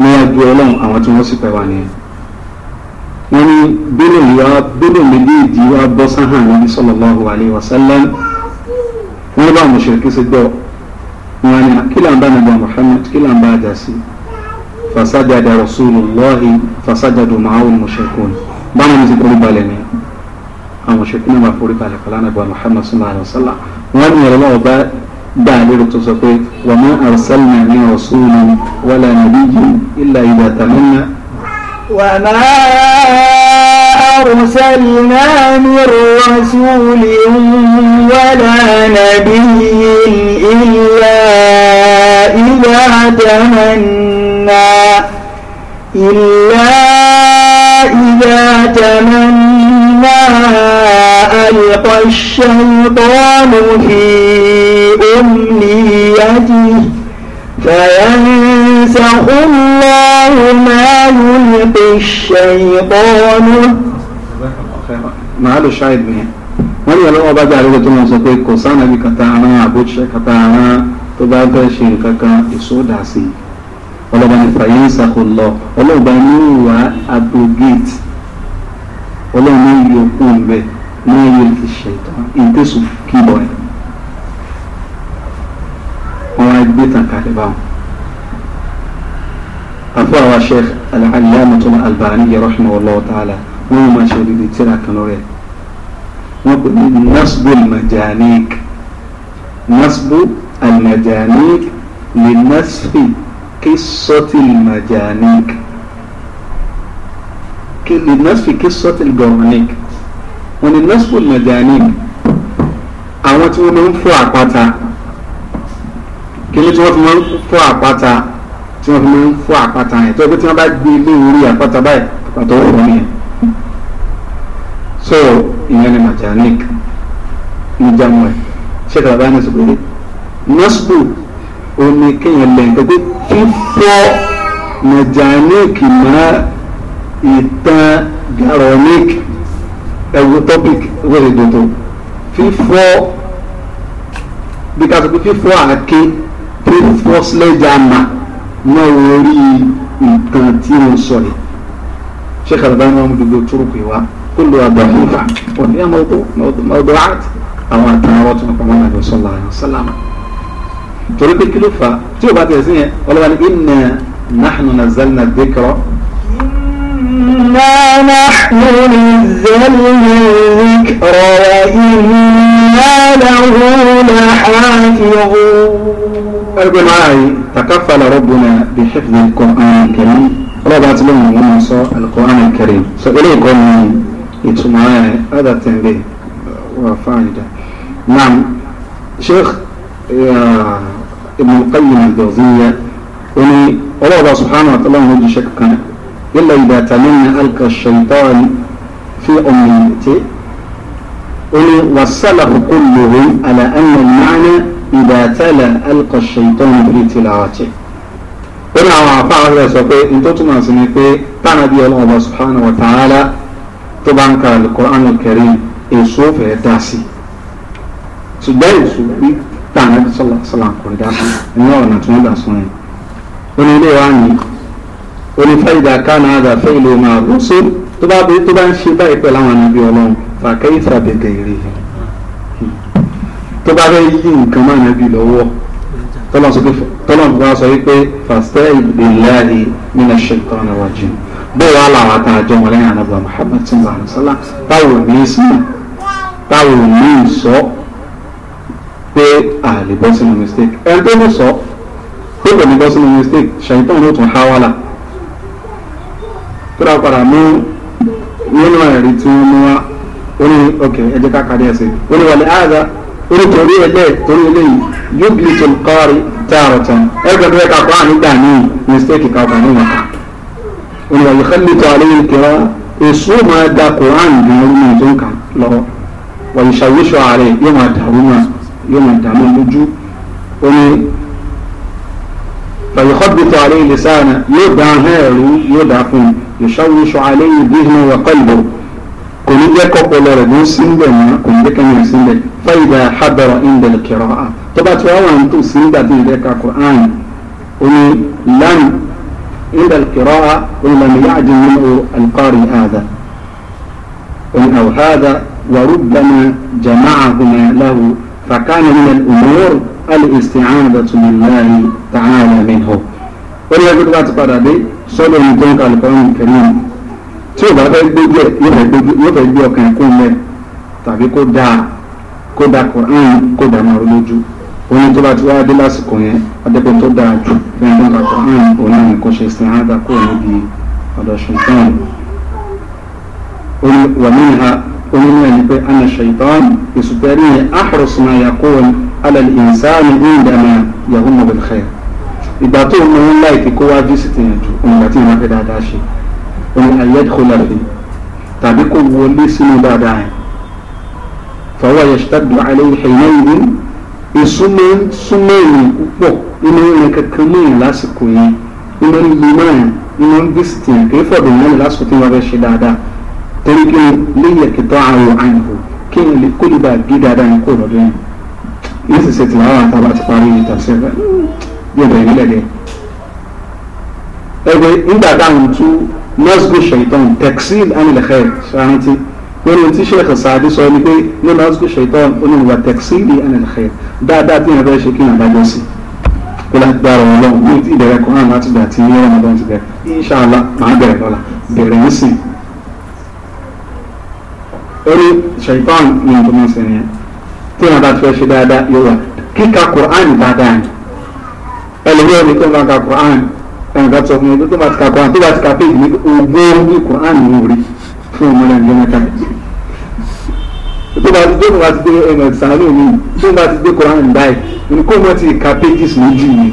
níwájú ọlọ́run àwọn tí wọ́n sì fẹ́ wà nìyẹn wọ́n ní gbólóhùn wa gbólóhùn méjèèjì wa bọ́ sáhàn níbi sallallahu alaihi wasallam wọ́n ní báwọn mùsùlùmí ṣe gbọ́ wọn ni kí là ń bá nàbà Muhammad kí là ń bá àjà sí fasajada rasulullahi fasajadu ma'awul mushrikun báwọn ní ti kúrú balẹ̀ ni àwọn mùsùlùmí náà máa forí balẹ̀ pẹ̀lú ànàbà Muhammad sallallahu alaihi wọ́n ní ọ̀rọ̀ náà دليل التصفي وما أرسلنا من رسول ولا نبي إلا إذا تمنى وما أرسلنا من رسول ولا نبي إلا إذا تمنى إلا إذا تمنى ما ألقى الشيطان في أمنيته فينسخ الله ما يلقي الشيطان معلو شاهد منه wọ́n yẹ lọ́wọ́ bá jáde ló tó máa sọ pé kò sánàbí kata ara àbójúṣe kata ara tó bá bẹ́ẹ̀ ṣe nǹkan kan èso sí i ọlọ́ba ní fàyẹ́ǹsà kò lọ ọlọ́ba ní ìwà abrogate ọlọ́run náà yọ ohun bẹ́ẹ̀ náà yọ ìṣẹ̀tàn ìtẹ̀sùn kíbọ̀ rẹ̀ wọn á gbé tàn kalẹ̀ báwọn. àfọwọ́ àwọn sheikh al-allamah al-albani rahimahullah ta'ala wọ́n yóò máa ṣe odidi tíra kan lórí ẹ̀ wọ́n pè ní nasbul majanik nasbu al-majanik li nasfi qissati al-majanik. للناس في قصة الجرانيك وللناس والمدانيك àwọn tí wọ́n máa ń fọ́ àpáta kíni tí wọ́n fi máa ń fọ́ àpáta tí wọ́n fi máa ń fọ́ àpáta yẹn tó yẹ pé tí wọ́n bá gbé ilé orí àpáta báyìí àpáta ó nìyẹn so ìyẹn ni mechanic ní jamuẹ ṣé kàlàbá ní sọ pé nọ́ọ̀sìbò omi kéèyàn lẹ́yìn pé fífọ́ mechanic máa ìtàn garonic ẹ̀wù topic wẹ̀rẹ̀ dòdò fífọ́ bí ká sọ pé fífọ́ àáké fífọ́ sledgehammer náà orí ìtàn tí mo sọ rẹ̀ sheikh alibani wọn gbogbo turuku wa kulu abdulhafa wọn ní ọmọ ọdún ọdún ọdún àti àwọn àtàwọn ọtún nípa wọn àjọ sọlá àyàn sálámà torí pé kí ló fà tí o bá tẹ̀sí yẹn ọlọ́wà ní inna nahnu nazzalna dhikra. إنا نحن نزلنا الذكر وإنا له لحافظون أقول معي تكفل ربنا بحفظ القرآن الكريم ربع تلوم من القرآن الكريم سأليكم يتسمع هذا التنبيه وفائدة نعم شيخ يا ابن القيم الجوزية وني الله سبحانه وتعالى هو شك كان إلا إذا تمنى ألقى الشيطان في أمنيته والسلف كلهم على أن المعنى إذا تلا ألقى الشيطان في تلاوته ó ní àwọn àfáà rẹ̀ sọ pé n tó túmọ̀ sí ni pé tánàbí ọlọ́ọ̀bọ subhanahu wa ta'ala tó bá ń ka al-Qur'an al-Karim èso fẹ́ dá sí ṣùgbọ́n èso bí tánàbí sallallahu alaihi wasallam kò dá sí ní ọ̀nà tó ń dà sún yẹn ó ní ilé wa nìyí onífàyìdà kánà àdà fẹ́ ìlú máa rú sí tó bá bí tó bá ń ṣe báyìí pẹ̀lú àwọn àníbí ọlọ́run fàkẹ́ ìfàbẹ̀gẹ̀ èrè tó bá fẹ́ yí nǹkan máa nàbí lọ́wọ́ tọ́lọ́n bá sọ wípé fàṣẹ ìgbéláyè nínú ṣètọ́ ọ̀nà wájú bẹ́ẹ̀ wá làwọn àtàjọ mọ̀lẹ́yìn ànábà Muhammad sallallahu alaihi wasallam táwọn ò ní sí táwọn ò ní sọ pé àlè bọ́ sínú mistake ẹni tó ń sọ pé kò ní bọ́ sínú mistake ṣàìtàn ló tún háwálà kódà padà mú nínú ẹ̀rí tí wọ́n mú wá ó ní ọkẹ́ ẹ jẹ́ ká kárí ẹsẹ̀ ó ní wàlẹ̀ àádá ó ní torí ẹlẹ́ torí eléyìí yóò bí tó kọ́ọ̀rì tààrọ̀tàn ẹgbẹ́ tó yẹ ká kọ́ ànígbà ní mistake ká kàn níwọ̀n ká ó ní wàlẹ̀ xẹ́lẹ̀ tó àlẹ́ yìí kẹ́rọ èso máa da koran gan orí mi tó ń kà lọ wàlẹ̀ ṣàwíṣọ ààrẹ yóò máa dàrú mà yóò máa dàrú lójú ó wàlẹ̀ xọ́bìtọ̀ àlẹ́ ìlẹ̀sáàna yóò dá يشوش عليه ذهنه وقلبه كل يك ولا رجل سند ما كل يك من سند فإذا حضر عند القراءة طبعا توا أنت سند دين ذاك القرآن ومن لم عند القراءة ولم يعجل منه القارئ هذا أو هذا وربما جمعهما له فكان من الأمور الاستعاذة لله تعالى منه ولا يقول بعد sọ́dọ̀ ní jọ́ǹkà lùkọ́rùn kẹ́lẹ́ mi tí ò bá fẹ́ gbójú ẹ̀ yóò fẹ́ gbé ọkàn kó mẹ́ tàbí kó dáa kó da kọ̀ọ̀rán kó da máa lójú oní tó bá ti wá dé lásìkò yẹn adẹ́gbẹ́ tó dáa jù fún ẹgbẹ́ bàtà náà òun náà kò ṣe sin ága kó níbi ọ̀dọ̀ ṣùgbọ́n wà ní ìhà onímọ̀ ẹni pé ana ṣèyítọ́n ìsùpẹ́rì yẹn àpọ̀rọ̀sùn àyàkó alẹ́ ìsáàmì ìdàmà yahoo mobile care ìgbà tó ń lọ láì kí kó wá fíìsìtì yẹn jù ìgbà tí ìwà fẹ́ dáadáa ṣe òun àyẹ́dìkọ́lá fi tàbí kó wọlé sínú dáadáa yẹn fàwọn àyẹ̀ṣẹ́tàdù alẹ́ ìhẹ̀yẹ́ ìní ìsúnmọ́ súnmọ́ èèyàn púpọ̀ nínú ìrìn kankan ní ìlásìkò yẹn nínú ìlú náà nínú fíìsìtì yẹn kì í fọ̀dọ̀ mọ́ni lásìkò tí wọ́n fẹ́ ṣe dáadáa torí kí ni lè yẹ àwọn àyìnbó kí yóò bẹ̀rẹ̀ nílẹ̀ lẹ́yìn. ẹgbẹ́ ńgbà táwọn tú nọ́ọ̀sìkò ṣèitán tẹ̀síl amílẹ̀kẹ́ ṣááńtì lórí ohun tí sheikh saadi sọ ni pé ní nọ́ọ̀sìkò ṣèitán onímọ̀wá tẹ̀síl amílẹ̀kẹ́ dáadáa tí yẹn fẹ́ ṣe kí yẹn dájọ́ sí kó láti dára wọn lọ́wọ́ ní ti ìbẹ̀rẹ̀ kan náà láti gbà tí yẹn wọn bá ti bẹ̀rẹ̀ inṣàlá màá bẹ̀rẹ̀ lọ́la bẹ̀rẹ̀ ń sìn orí ṣèitán ní ọdún mẹ́sàn-án tí wọn bá ti fẹ́ ṣe dáadáa yóò wà kíka Kùránì dáadáa ni ẹlòmíràn ní tó ń ka Quran ẹnìkan sọ fún mi tó bá ti ka Quran tó bá ti ka page ní ogójì Quran ní orí fún ọmọ náà nígbà kan tó bá ti dé tó bá ti dé ẹnì sàánù mi tó bá ti dé Quran báyìí ní kó mọ́ ti ka pages méjì ni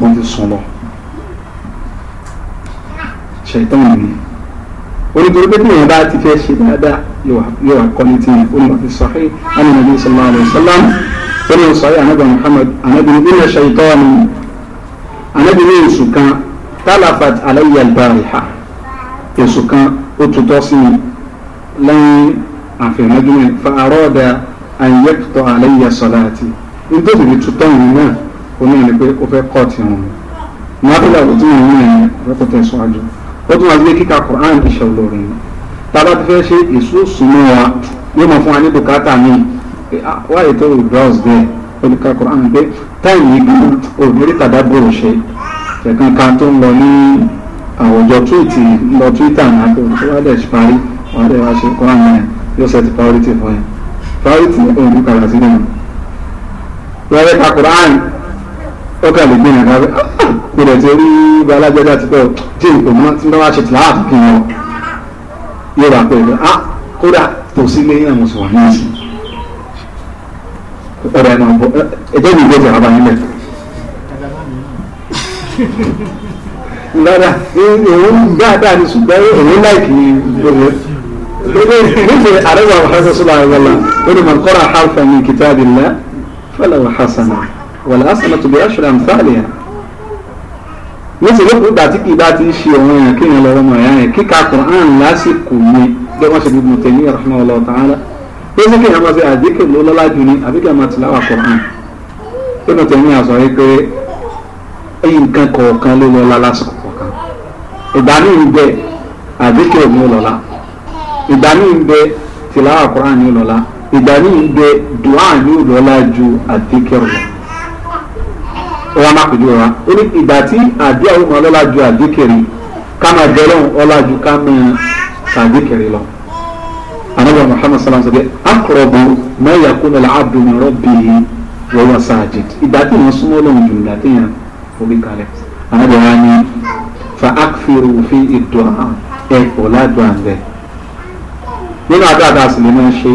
wọ́n ti sùn lọ ṣètàn mi onítorí pé tíyẹn bá ti fẹ́ ṣe dáadáa yóò wà kọ́ni tí yẹn ó ní wà fi sahih ànàmọ́bí sallallahu alaihi wasallam nínú sọ́yà anábì muhammad anábì nínú ṣèyítọ́ọ̀nù anábì ní èṣù kan tálàfàt aláyà bàrìhà èṣù kan ó tutọ́ sí mi lẹ́yìn àfẹ̀mẹ́dúnmẹ́ fa àrọ́ọ̀dà àyẹ̀kùtọ̀ aláyà sọ́láàtì nítorí mi tutọ́ yìí náà ó ní ẹni pé ó fẹ́ kọ́ ti wọn nàbílà ó tún yìí náà yẹn rẹ́pọ̀ tẹ̀síwájú ó tún wá gbé kíka quran iṣẹ́ olórin tábà ti fẹ́ ṣe èso sùnmọ́ wa yóò mọ̀ fún wa ní bùkátà míì wáyé ah, tó browse there olùkà Quran pé táyì yìí gan òbírí tàdábòrò ṣe ẹ̀kan kan tó ń lọ ní àwùjọ túwìtì lọ Twitter náà pé tó wá dẹ̀ parí wọ́n dẹ̀ wá ṣe Quran yẹn yóò set priority fún yẹn priority òun kàrà sí nìyẹn lọ́rẹ́ ka Quran ó kà lè gbé yẹn ká pé rẹ̀ ti rí bá alágbẹ́dá ti pẹ́ o tí ìpè mọ́ tí wọ́n wá ṣe tìlá àbùkù wọn yóò bá pè é ah kódà tòsí lẹ́yìn àwọn mùsùlùmí sí ọ̀rọ̀ ẹ̀nà ọ̀bọ̀ ẹjọ́ ìgbésẹ̀ ọ̀rọ̀ abayín mẹ́. rárá òun dáadáa ni ṣùgbọ́n òun láìkì gbogbo nígbè àrẹ́wà wàhásà sọ́lá àwọ̀lá ó ní mọ̀kọ́rà harfa min kitabillah fala hasana wal hasanatu bi ashri amthaliha níṣẹ́ ló kúrò dàtí kì í bá ti ń ṣe ọ̀hún yẹn kí yẹn lọ́wọ́ mọ̀ ẹ̀yà yẹn kíka Qur'an lásìkò yẹn bí wọ́n ṣe bí mọ̀tẹ́ ní rahmanahu ta'ala pé sí kéèyàn máa ṣe àdékè ló lọ́lá jù ní àbí kéèyàn máa tìláwà kọ̀ọ̀kan lọ́nà tẹ̀mí àṣọ yìí pé nǹkan kọ̀ọ̀kan ló lọ́lá lásìkò kọ̀ọ̀kan ìgbà ní ìbẹ àdékè ò ní lọ́lá ìgbà ní ìbẹ tìláwà kọ̀ọ̀kan ní lọ́lá ìgbà ní ìbẹ dùá ní lọ́lá ju àdékè lọ ọlá má pèjú ọlá ó ní ìgbà tí àdéhùn ọlọ́lá ju àdékè rí ká máa jẹ́ anábà muhammad salam sọ pé akọrọbù má yakuna al-abdu min rabbihi wa huwa sajid ìgbà tí wọn súnmọ́ lọ́wọ́ jù nígbà tí yẹn orí kalẹ̀ anábà wa ni fa akfiru fi ad-du'a ẹ̀kọ́ ládùn àgbẹ̀ nínú àdó àdá àsìlè máa ṣe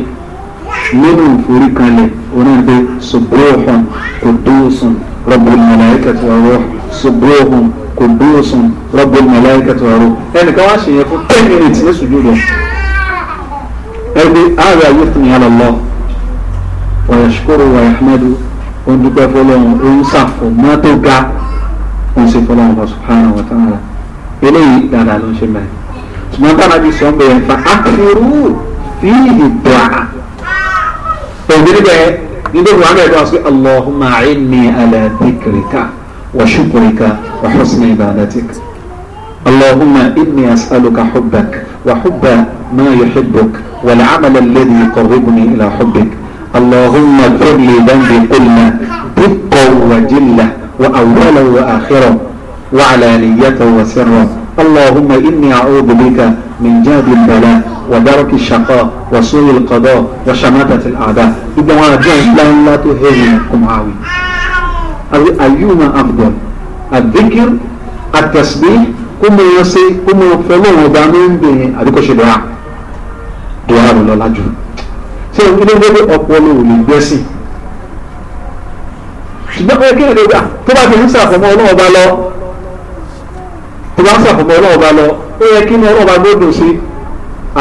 nínú ìforí kalẹ̀ onídé subuhun kudusun rabbul malaikati wa ruh subuhun kudusun rabbul malaikati ẹnìkan wá ṣèyẹn fún ten minutes ní sùjúdù ẹgbẹ́ ààrẹ ayé fún yàrá lọ wàyà ṣukúrò wàyà ahmadu ó ń dúpẹ́ fọlọ́run ó ń sàfọ̀ mọ́ tó ga ó ń ṣe fọlọ́run lọ subhanahu wa ta'ala eléyìí dáadáa ló ń ṣe mẹ́rin ṣùgbọ́n táwọn sọ ń fa akérú fi ìdọ̀ à òbírí níbi ìwà bẹ́ẹ̀ bá sọ allahumma inni ala dhikrika wa shukrika wa husni ibadatik allahumma inni as'aluka hubbak wa hubba ma yuhibbuk. والعمل الذي يقربني إلى حبك اللهم اغفر لي ذنبي كله دقه وجله وأوله وآخره وعلانيه وسره اللهم إني أعوذ بك من جهد البلاء ودرك الشقاء وسوء القضاء وشماتة الأعداء إذا وجهت لا لا تهينكم عاوي ايهما أفضل الذكر التسبيح كم يسي كم يفعلون ودامين به أدكو شبعا dùwà rẹ̀ lọ́la jù ṣé o kí ló dé ọpọlọ ò lè gbẹ́sìn ṣùgbọ́n pé kí ni ìgbà tó bá fi ń ṣàfọmọ́ ọlọ́wọ́ bá lọ tó bá ń ṣàfọmọ́ ọlọ́wọ́ bá lọ ó yẹ kí ni ọlọ́wọ́ bá gbọ́dọ̀ sí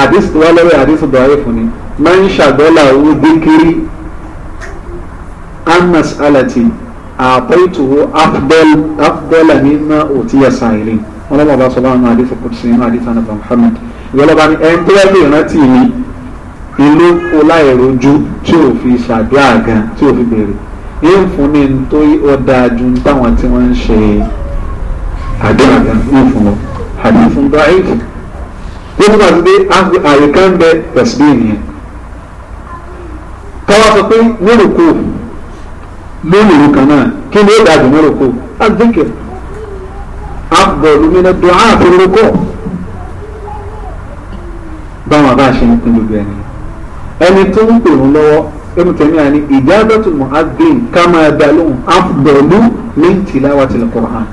àdìsí tó wá lọ́wọ́ àdìsí tó wáyé fún ni máa ń ṣàgbọ́là owó dékiri annas alati àpẹ́tùwó afdọ́là mímọ́ òtíyà sàìlì ọlọ́wọ́ bá sọ bá ń àdìsí kùtù sí inú àdìsí ànàbà Muhammad ìyọlọ́ba ni ẹni tó yẹ lè rántí mi inú kó láìrojú tí ò fi ṣàdúrà gan tí ò fi béèrè yóò fún ní tó ọ̀dà ju táwọn tí wọ́n ń ṣe àdúrà gan yóò fún wọn àdúrà fún báyìí tó túmọ̀ sí pé àyè kan bẹ tẹ̀síbí nìyẹn káwá sọ pé nírùkú lónìí kan náà kí ni ó dàbí nírùkú àdìkẹ́ àbọ̀lùmínà dùn áàfin rúkọ̀ báwọn àbá ṣe ń pín gbogbo ẹni ẹni tó ń pè wọn lọ́wọ́ ẹnu tẹ̀mí àní ìdájọ́tò mu'adhdhin ká máa dá lóhùn afdalu min tilawatil Qur'an.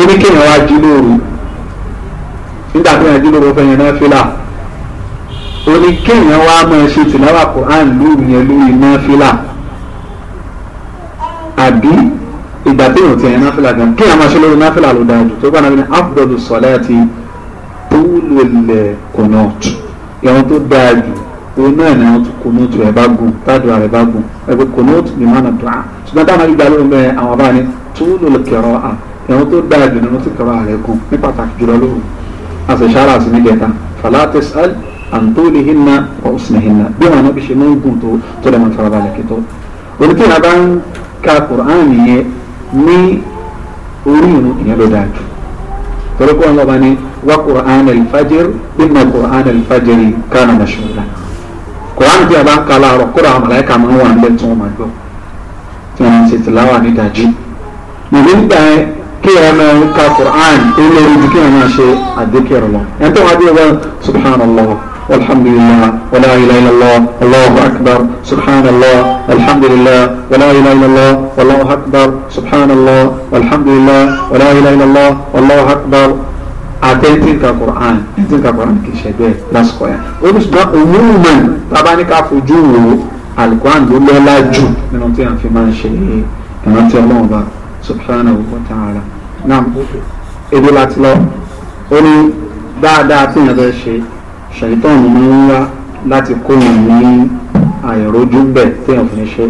oníkéèyàn wá jí lóru nígbà tí wọ́n jí lóru fẹ́ yẹn náà fílà oníkéèyàn wá máa ṣe tìláwà Qur'an lóru yẹn lórí náà fílà àbí ìgbà tí èèyàn ti ẹ̀yìn náfìlà gan kí àwọn aṣọ lórí náfìlà ló dáa jù tó gbà náà ní afdọ́dù sọ̀lá àti tóólù ilẹ̀ kọ̀nọ̀tù ìrun tó dáa jù òun náà ní àwọn kọ̀nọ̀tù rẹ̀ bá gùn tádùá rẹ̀ bá gùn ẹgbẹ́ kọ̀nọ̀tù ni máa nà dùn á ṣùgbọ́n táwọn ìgbà lórí mẹ́rin àwọn abáyé ní tóólù kẹrọ à ìrun tó dáa ní pàtàkì tó tó lẹ́nu ní orí ìrun ìyẹn ló dáa jù torí kó wọn lọ́ba ní wá Qur'an al-fajr inna Qur'an al-fajr kana mashhuda Qur'an tí a bá ń ka láàárọ̀ kódà àwọn màláíkà máa ń wà nílẹ̀ tí wọ́n máa gbọ́ tí wọ́n ti tìláwà ní dàjí nígbà yẹn kí ẹ máa ń ka Qur'an tó lórí ju kí ẹ máa ṣe àdékẹ́rọ̀ lọ ẹ̀ ń tẹ́wọ́n adé wọn subhanallah. والحمد لله ولا إله إلا الله الله أكبر سبحان الله الحمد لله ولا إله إلا الله والله أكبر سبحان الله والحمد لله ولا إله إلا الله والله أكبر àtẹ́ntìǹkà quran tìǹkà quran kì í ṣẹgbẹ́ lásìkò yẹn olùsùnmọ́ òmùmọ̀ bàbá ní ká fojú wo alukuran ló lọ́lá jù nínú tí a fi máa ń ṣe ìrántí ọlọ́run bá subhanahu wa ta'ala náà èdè láti lọ ó ní dáadáa tí èèyàn fẹ́ ṣe ṣèyítàn ní ńlá láti kó yàn ní àìrójú bẹ̀ téèyàn fi ṣe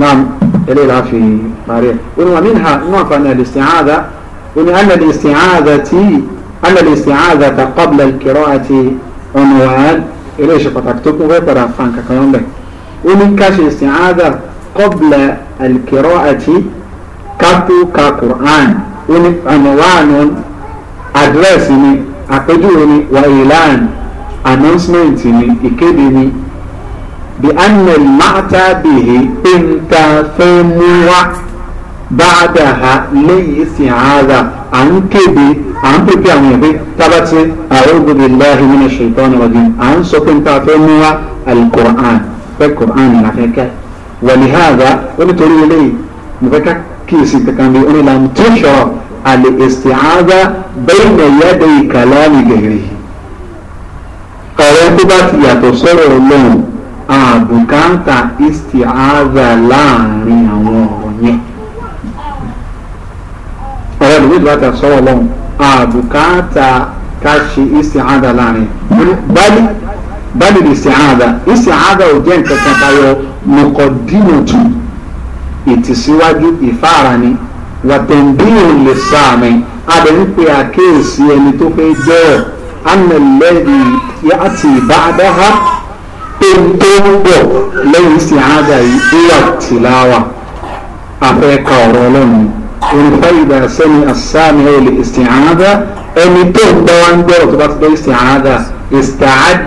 náà eléyìí láfi parí ẹ̀ oní wàmí ha inú àǹfààní al-isti'adha oní anna al-isti'adha tí anna al-isti'adha qabla al-qira'ati unwan eléyìí ṣe pàtàkì tó kún fẹ́ padà fa nǹkan kan bẹ̀ oní ká ṣe isti'adha qabla al-qira'ati kátó ka Qur'an oní unwan àdírẹ́sì ni àpéjúwe ni wà announcement ni ìkéde ni bí anel máta bèèrè pé n ta fẹ́ mú wá báadà ha lẹ́yìn ìsìn ààrà à ń kéde à ń pèpè àwọn ẹ̀gbẹ́ tábàtì a'udhu billahi minash shaitani rajim à ń sọ pé n ta fẹ́ mú wá alukur'an pé kur'an la fẹ́ ká wàlíhàdà ó nítorí eléyìí mo fẹ́ ká kíyèsí kankan bí ó ní làm tó ṣọ àlè ìsìn ààrà bayna yaday kalami ghairihi ọ̀rọ̀ tó bá ti yàtọ̀ sọ̀rọ̀ ọlọ́run àbùkáǹtà isti'aza láàrin àwọn ọ̀rọ̀ yẹn ọ̀rọ̀ ìlú ìlú àti àsọ̀rọ̀ ọlọ́run àbùkáǹtà ká ṣe isti'aza láàrin bali bali isti'aza isti'aza ò jẹ́ nǹkan kan tayọ mọ̀kọ́dínàtù ìtìsíwájú ìfáàrani wàtẹ̀ǹdínà lè sáàmì adẹ̀ ń pe àkéèsí ẹni tó fẹ́ jẹ́ ọ̀ أن الذي يأتي بعدها تنتظر لو استعادة إلى التلاوة أفريقا ورولون والفايدة سمع السامع للاستعادة أن تنتظر تبقى الاستعادة استعد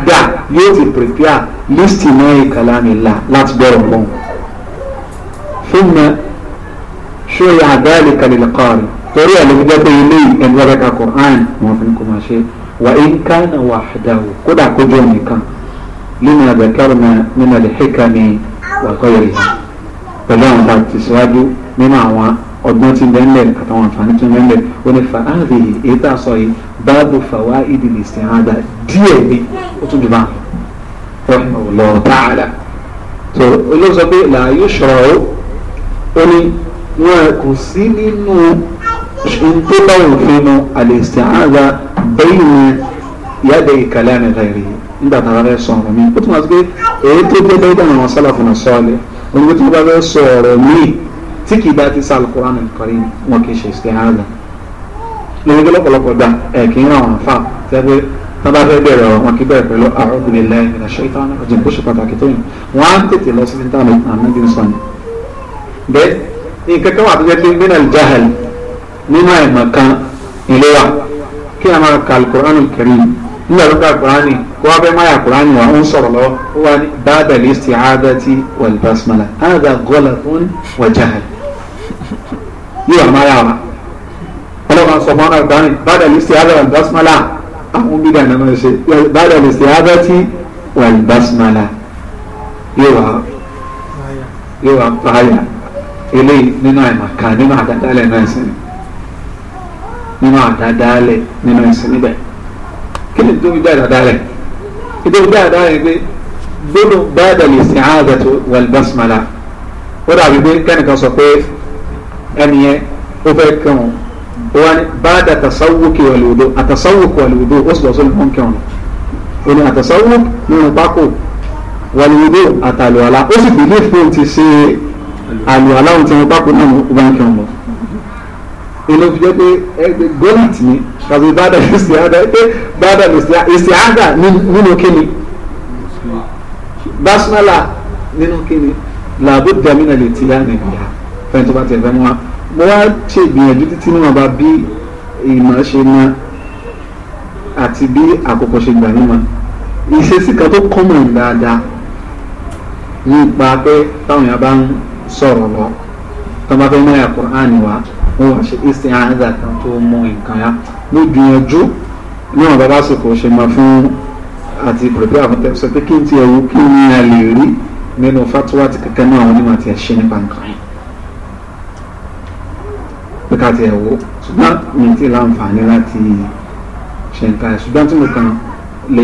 yóò ti prepare listening ẹ̀ kalamillah láti gbọ́rọ̀ mọ́ fúnmẹ́ ṣóyà àdáyàlì kalilẹ̀ kọ́ọ̀rì torí ẹ̀ ló fi jẹ́ pé ilé ìgbẹ́ka Qur'an wọn fi kò máa ṣe é wà ń ká na wà àdáwò kódà kójú ẹnìkan lónìí àgbẹ̀kárò nínú àdìhíkà ni wàtọ́ yẹrì yẹn pẹ̀lú àwọn tá a ti síwájú nínú àwọn ọgbọ́n tí bẹ́ńlẹ̀ àtàwọn àǹfààní tí bẹ́ńlẹ̀ ó ní fa áàrì èyí tá a sọ yìí báàbù fàwa ìdìlì ìsìnàdà díẹ̀ ni ó tún jùlọ àwọn ọ̀lọ́ tààdà tó olóòsọ pé làá yóò ṣọ̀rọ̀ ó ní wọn kò sí nínú tó bá òfin mu al-isti'aza bayna yaday kalami ghayri nígbà tá a bá fẹ́ sọ ọ̀rọ̀ mi ó tún wá sí pé èyí tó dé lọ́dọ̀ àwọn sálàfin sọ́ọ̀lẹ̀ onígbé tó bá fẹ́ sọ ọ̀rọ̀ míì tí kì í bá ti sa al-Qur'an al-Karim wọn kì í ṣe isti'aza lórí lọ́pọ̀lọpọ̀ dá ẹ̀ kì í ràn wọ́n fà tẹ́gbẹ́ tá a bá fẹ́ bẹ̀rẹ̀ ọ̀rọ̀ wọn kì í bẹ̀rẹ̀ pẹ̀lú a'udhu billahi minash shaitanir rajim bó ṣe pàtàkì tó yìn wọ́n á tètè lọ sí ní táwọn àmì nínú àìmọ̀ kan ilé wa kí a máa ka alukur'an kiri nígbà tó ka alukur'an kó wá fẹ́ máa yà alukur'an wa ó ń sọ̀rọ̀ lọ ó wá ní báàdà lè ṣe àádọ́tì wal basmala àádà gọ́là fún wàjà yóò wà máa yà wá ọlọ́kan sọ fún alukur'an báàdà lè ṣe àádọ́tì wal basmala àwọn bí dàná máa ṣe báàdà lè ṣe àádọ́tì wal basmala yóò wà yóò wà pààyà eléyìí nínú àìmọ̀ kan nínú àdàdà lẹ́nu ẹ̀sìn nínú àdádálẹ̀ nínú ẹ̀sìn níbẹ̀ kí ni tó fi jẹ́ àdádálẹ̀ ìdó fi jẹ́ àdádálẹ̀ pé gbónú báyàdàlì sí àádàtú wàlbásmàlà ó dàbí pé kẹ́nìkan sọ pé ẹni yẹn ó fẹ́ kẹ́wọn ó wá ní báyàdà àtàsáwókè wàlúwòdó àtàsáwókè wàlúwòdó ó sì lọ sórí fún kẹ́wọn ó ní àtàsáwókè nínú pákó wàlúwòdó àtàlùwàlá ó sì fi ilé fún ti ṣe àlùwàlá òun ti wọn pákó náà ó bá ń kẹ́wọn mọ́ inú fi jẹ́ pé ẹgbẹ́ gómìnà ní kàbí bàdà ìsìáda pé bàdà ìsìáda nínú kíni bàṣánálà nínú kíni làbúdà mínà lè ti yára nìyà fẹ́ni tó bá tẹ̀ fẹ́ mọ́ wa mo wá ṣe ìgbìyànjú títí ní wọn bá bí ìmọ̀ ṣe na àti bí àkókò ṣe gbà nímọ̀ ìṣesí kan tó kọ́mọ̀ dáadáa nípa pé táwọn èèyàn bá ń sọ̀rọ̀ lọ tó bá fẹ́ mọ́ ẹ̀yà kùránì wa wọn ò ṣe ìsìn àádá kan tó mú nǹkan ya ló gbìyànjú níwọ̀n bá lásìkò ṣe máa fún àti prepare àwọn tẹ́lẹ̀ sọ pé kí n ti ẹ̀wù kí ni a lè rí nínú fatuwa ti kankan náà àwọn onímọ̀ àti ẹ̀ṣẹ́ nípa nǹkan yìí pé ká ti ẹ̀wù ṣùgbọ́n mi ti láǹfààní láti ṣe nǹkan yẹn ṣùgbọ́n tí mo kàn lè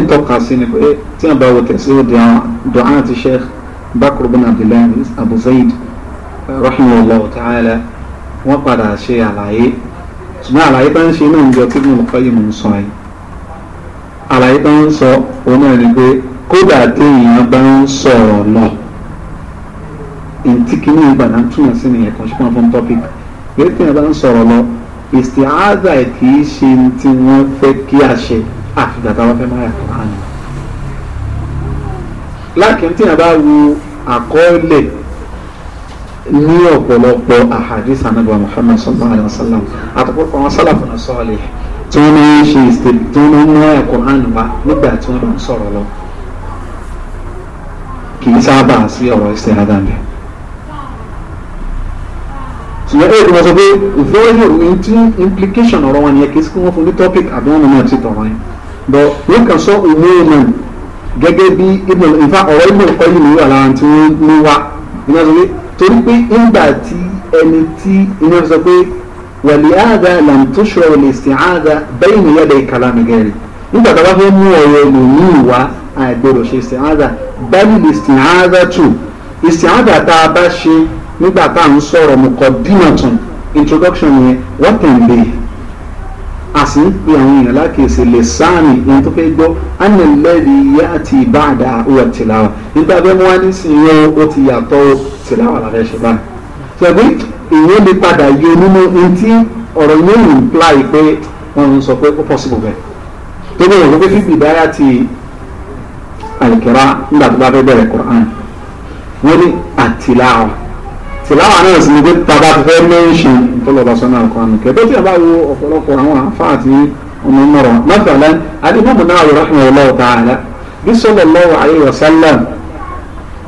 nítọ́ka sí ni pé tí wọ́n bá wo tẹ̀sí ó di àwọn dùn án Sheikh Bakr bin Abdullahi Abu Zaid rahimahullah ta'ala wọ́n padà ṣe àlàyé ṣùgbọ́n àlàyé tó ń ṣe náà ń jọ kí nínú kọ́ yìí mò ń sọ ẹ́ àlàyé tó ń sọ òun náà ni pé kódà téèyàn bá ń sọ̀rọ̀ náà ntí kìíní ìgbàdàn túmọ̀ sí nìyẹn kan ṣùgbọ́n fún topic pé téèyàn bá ń sọ̀rọ̀ lọ ìsìtìhádà kì í ṣe tí wọ́n fẹ́ kí a ṣe àfìgbà táwa fẹ́ máa yàtọ̀ àná. lákìn téèyàn bá wo àkọọ́lẹ̀ ní ọ̀pọ̀lọpọ̀ ahadith anabi muhammad sallallahu alayhi wa sallam àtọ̀pọ̀lọpọ̀ àwọn sálàfin sọ́ọ̀lì tí wọ́n máa ń ṣe ìsìtẹ̀lì tí wọ́n máa ń mú ẹ̀kọ́ hàn wá nígbà tí wọ́n máa ń sọ̀rọ̀ lọ kì í sábà sí ọ̀rọ̀ ìsẹ̀ àdàbẹ̀. ṣùgbọ́n ẹ̀rọ ìgbìmọ̀ sọ pé very into implication ọ̀rọ̀ wọn yẹn kì í sí kí wọ́n fún ní topic àbí wọ́n mọ̀ sí tọ̀rọ̀ yẹn but wọ́n kàn sọ òwe náà gẹ́gẹ́ bí ọ̀rọ̀ ìgbìmọ̀ kọ́ yìí ló wà torí pé ńgbà tí ẹni tí iná sọ pé wàlẹ̀ àdá làǹtọ́ṣọ́ lè sìn àdá bẹ́ẹ̀ ni yẹ́dẹ̀ ìkàlámì gẹ̀rẹ̀ nígbà tá a bá fẹ́ mú ọ̀rọ̀ ẹlòmíì wá àìgbọ̀rọ̀ ṣe sìn àdá bẹ́ẹ̀ ni sìn àdá tù ìsìn àdá tá a bá ṣe nígbà tá à ń sọ̀rọ̀ mọ̀kọ́ dínà tún introduction yẹn wọ́n tẹ̀ ń lé a sì ń pe àwọn èèyàn lákèsè lè sáàmì ohun tó fẹ́ gbọ́ ánìlẹ́rì yá àti ìbáàdà òwò tìláwà nígbà bẹ́ẹ̀ mo wá ní sìn yẹn ó ti yàtọ̀ tìláwà làbẹ́ ṣe báyìí. ṣẹ̀bí èèyàn lè padà yọ nínú ohun ọ̀rọ̀ yóò imply pé wọ́n ń sọ pé ó possible bẹ́ẹ̀. tó bẹ́ẹ̀ wọ́n pé fífi ìdáyà ti àlìkẹ́rà nígbà tó bá fẹ́ bẹ̀rẹ̀ Qur'an wọ́n ní àtìláwà fìlàwà náà sì ni pé bàbá ti fẹ́ mẹ́ńṣe tọ́lọ̀bà sọ́nà àkọ́ àmì kẹ́tọ́ tí a bá wo ọ̀pọ̀lọpọ̀ àwọn àǹfààní àti ọmọ mọ̀rọ̀ mọ́tàlá adébọ̀mù náà yọ̀rọ̀ fún ọlọ́wọ́ tààlà bí sallallahu alaihi wasallam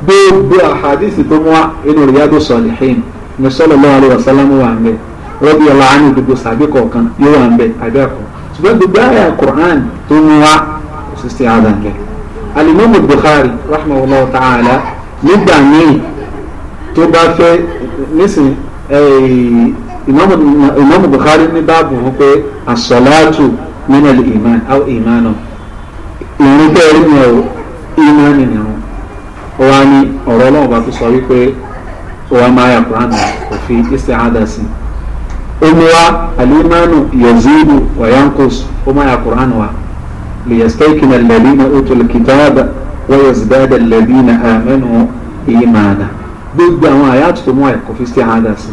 gbogbo àhàdìsì tó mú wa inú Riyadu Salihin ní sallallahu alaihi wasallam wà ń bẹ rọ́bì ọ̀la á ní gbogbo sàbí kọ̀ọ̀kan yóò mú wa kò sì sí tó bá fẹ́ nísìn ìmáàmù Bukhari ní báàbù wọn pé àsọ̀láàtù nínú ìmán àwọn ìmán náà ìrìn bẹ́ẹ̀ ni ọ̀ ìmán ni àwọn ó wá ní ọ̀rọ̀ ọlọ́run bá tó sọ wípé ó wá máa yà kúránù òfin isti'ada sí ó mú wá al-imanu yazidu wa yanqus ó máa yà kúránù wa liyastayqina alladhina utul kitaba wa yazdada alladhina amanu imana gbogbo àwọn àyàtò tó mú ẹ̀kọ́ fi sí àádá sí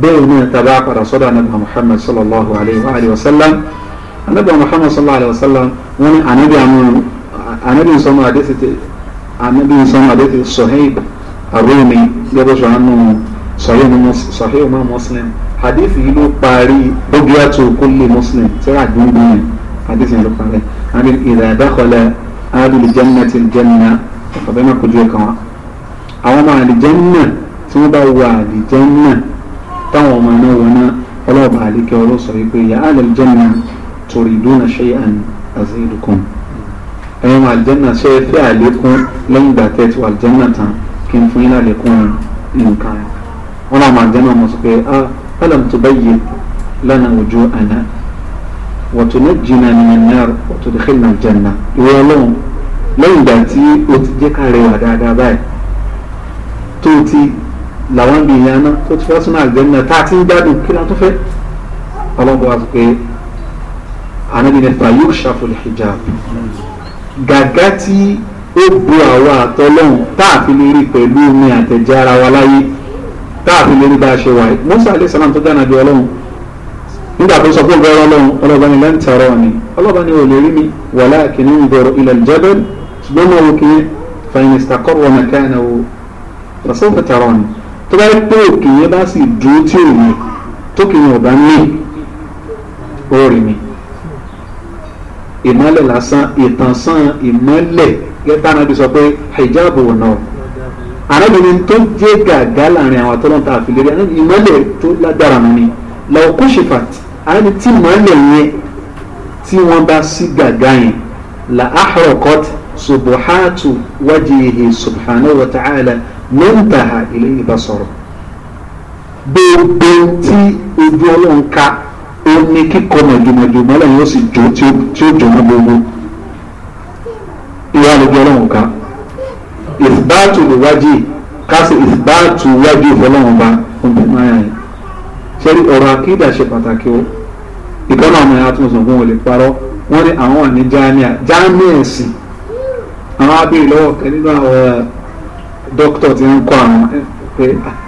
bẹ́ẹ̀ ni tàbá padà sọ́dọ̀ anábà muhammad sallallahu alayhi wa sallam anábà muhammad sallallahu alayhi wa sallam wọ́n ní anábì àwọn anábì sọmọ àdéhìí ti anábì sọmọ àdéhìí sọhẹ́ẹ̀bù àrùmí gẹ́gẹ́ sọ àánú sọhẹ́ẹ̀bù mọ́ muslim hadith yìí ló parí bọ́gíyàtò kulli muslim sẹ́rà gbogbo yẹn hadith yìí ló parí anábì idha dakhala ahlul jannati al-janna àwọn ọmọ àlìjẹ́nnà tí wọ́n bá wọ àlìjẹ́nnà táwọn ọmọ náà wọ náà ọlọ́ọ̀bà àlìkẹ́ ọlọ́sọ wípé yà á àlìjẹ́nnà turiduna shay'an azidukum ẹ̀yin ọmọ àlìjẹ́nnà ṣe é fẹ́ àlékún lẹ́yìn ìgbà tẹ́ ti wà àlìjẹ́nnà tán kí n fún yín lálékún nǹkan wọn náà ọmọ àlìjẹ́nnà mọ̀ sọ pé ah alam tubayyin lana wujuhana wọ̀túnújìnà nìyẹnìyàn wọ̀túnújìnà jẹ̀nà ìwé ọlọ́run lẹ́yìn ìgbà tí o ti jẹ́ ká rẹwà dáadáa báyìí tó ti làwọn bíi ìyànà tó ti fẹ́ sínú àlùjánnà tá a ti ń gbádùn kí ló tó fẹ́ ọlọ́gbọ́n wa sọ pé ànábi nípa yóò ṣàfùlẹ̀ hijab gàgá tí ó bu àwa àtọ́lọ́hún tá a fi lè rí pẹ̀lú omi àtẹ̀jẹ́ ara wa láyé tá a fi lè rí bá a ṣe wáyé Musa alayhi salam tó dáná di ọlọ́hún nígbà tó sọ fún ọgbẹ́ ọlọ́run ọlọ́ba ni lan tarani ọlọ́ba ni ò lè rí mi walakin unzur ila al-jabal ṣùgbọ́n mo wò kí fa in istaqarra makanahu lọ́sọ̀rọ̀ tẹ̀rọ ni tó bá pé òkè yẹn bá sì dúró tí ò ní tókè yẹn ò bá ní orí ni ìmọ́lẹ̀ lásán ìtànsán ìmọ́lẹ̀ gẹ́gẹ́ bá anábì sọ pé hijab wò náà arábìnrin tó jẹ́ gàgá láàrin àwọn atọ́lọ́ta àfilérí ìmọ́lẹ̀ tó lágbára mu ni lọ́wọ́ kó ṣe tí ìmọ́lẹ̀ yẹn tí wọ́n bá sí gàgá yẹn la ahraqat subuhatu wajihi subhanahu wa ta'ala lẹ́ńtàhà ilé ìbásọ̀rọ̀ gbogbo tí ojú ọlọ́run ka ó ní kíkọ mọ̀jọ̀mọ̀jọ̀mọ́ lẹ́yìn ó sì jó tí ó jọmọ gbogbo ìwà lójú ọlọ́run ka ìsìbáàtù lòwájì káṣí ìsìbáàtù wájú ìfọlọ́run ba ọ̀dọ̀ máa yàn yìí ṣe rí ọ̀rọ̀ àkídà ṣe pàtàkì o ìkànnì àwọn ẹ̀yà tó ń sọ̀gbọ́n ò parọ́ wọ́n ní àwọn ní jámíà jámíà ẹ̀sìn àwọn abẹ́rẹ́ lọ́wọ́ kẹ́ nínú àwọn dókítà ti ń kọ́ àwọn pé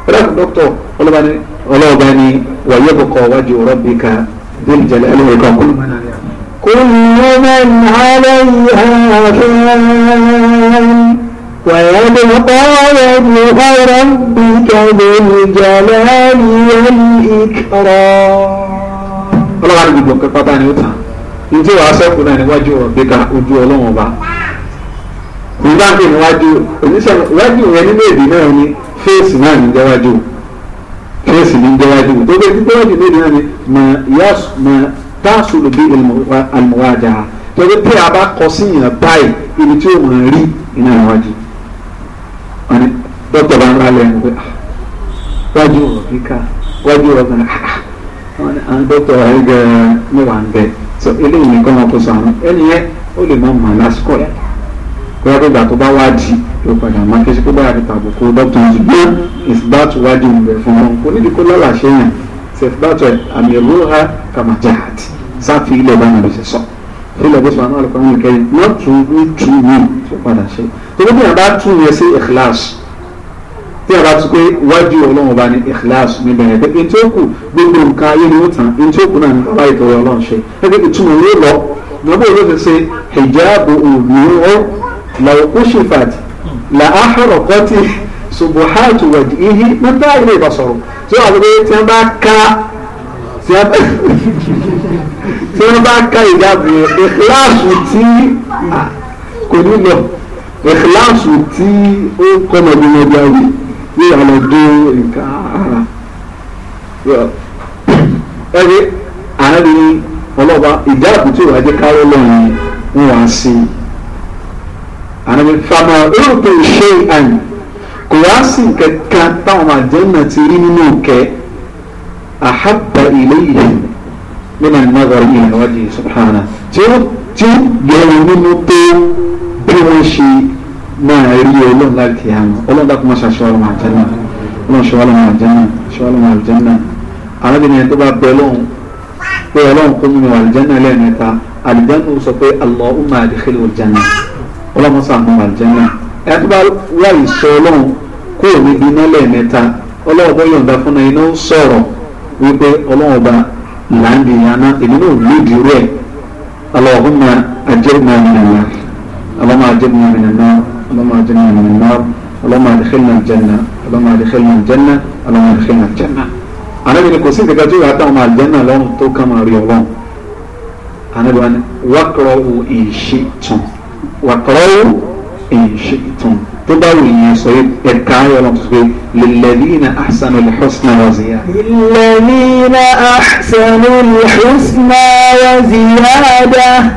ẹ̀rọ dókítà ọlọ́ba ni ọlọ́ba ni wàyẹ̀ bọ̀kọ̀ wájú rabbika dil jalali wal ikram كل من عليها فان ويبقى وجه ربك ذو الجلال والإكرام ọlọ́run àdìgbò nǹkan pátá ni ó tàn ní tí wàá sẹ́kù náà níwájú ọ̀gbẹ́ka ojú ọlọ́run ọba nígbà tó níwájú oníṣẹ́ iwájú yẹn nínú èdè náà ni fèsì náà ní jẹ́wájú fèsì ní jẹ́wájú tó bẹ́ẹ̀ títí wájú nínú èdè náà ni mà yas mà tásùlù bí àlùmọ́wájà torí pé a bá kọ sí yàn báyìí ibi tí ó mọ̀ rí iná ìwájú dókítà bá ń rálẹ̀ ẹni pé ah, wájú ọ̀rọ̀ kíkà wájú ọ̀rọ̀ kan ah, ah. àwọn dókítà ẹ̀ẹ́dẹ̀ mẹ́wàá ń so eléyìí nìkan wọn kò sọ àwọn ẹni yẹn ó lè má mọ̀ lásìkò yẹn bóyá pé ìgbà tó bá wádìí ló padà máa kí sí pé báyà fi tàbùkù dókítà ṣùgbọ́n ìsìbáàtù wádìí ń bẹ̀ fún wọn kò nídìí kó lọ́la ṣe yàn ìsìbáàtù àmì ìrora kàmájáàt sáfì ilẹ̀ bá nàbẹ̀ sọ ilẹ̀ bó sọ̀rọ̀ àlùkò àwọn ìkẹyìn wọ́n tún ló tú mi tó padà ṣe torí bí yàrá tún yẹ sí ìkìláàsì tí yàrá tún pé wájú ọlọ́run bá ní ìkìláàsì níbẹ̀ pé ètò gbogbo nǹkan لو كشفت لأحرقت سبحات وجهه من باع إليه بصره tí wọ́n àgbẹ̀ tí wọ́n bá ká tí wọ́n bá ká ìjábọ̀ ìkíláàsù tí kò ní lọ ìkíláàsù tí ó kọ́nà ní ọjà yìí ní ìyàlọ́ dé nǹkan ara ẹni àárín ọlọ́ba ìjáàbù tí ò wá jẹ́ káwọ́ lọ́yìn wọn wá sí i ànábi fama orúkọ ìṣe àn kò wá sí kankan táwọn àjẹmọ ti rí nínú òkè àhábà ilé yìí nínú ànágbàrá yìí níwájú subhana tí ó tí ó yẹra nínú tó bí wọn ṣe máa rí ọlọ́run láti àná ọlọ́run dákú máa ṣàṣọ ọlọ́run àjẹmọ ọlọ́run ṣọwọ́ ọlọ́run àjẹmọ ṣọwọ́ ọlọ́run àjẹmọ arábìnrin tó bá bẹ lọ́hùn pé ọlọ́run kó mímu àlìjánná lẹ́ẹ̀mẹ́ta àlìjánná sọ pé allahumma adkhilhu aljanna ọlọ́run sàmúlò àjẹmọ́ ẹni tó bá wà ìṣọ́ ọlọ́run kó o níbi iná lẹ́ẹ̀mẹ́ta ọlọ́run bá yọ̀ǹda fún iná ó sọ̀rọ̀ wípé ọlọ́run bá làǹdì yànnà èmi náà nídìí rẹ̀ ọlọ́run máa àjẹmọ́ àmìnàmá ọlọ́run àjẹmọ́ àmìnàmá ọlọ́run àjẹmọ́ àmìnàmá ọlọ́run àdìkẹ́lẹ̀ àjẹmọ́ ọlọ́run àdìkẹ́lẹ̀ àjẹmọ́ ọlọ́run àdìkẹ́lẹ̀ àjẹmọ́ anabi ni kò sí ìdíkà tó yà á dáhùn àlùjánnà lọ́rùn tó kà máa rí ọlọ́run anabi wa ni wákọ̀ọ́ ìṣe tún وقرأوا إن شئتم تضعوا يصيب الكعية والمتصبيب للذين أحسنوا الحسنى وزيادة للذين أحسنوا الحسنى وزيادة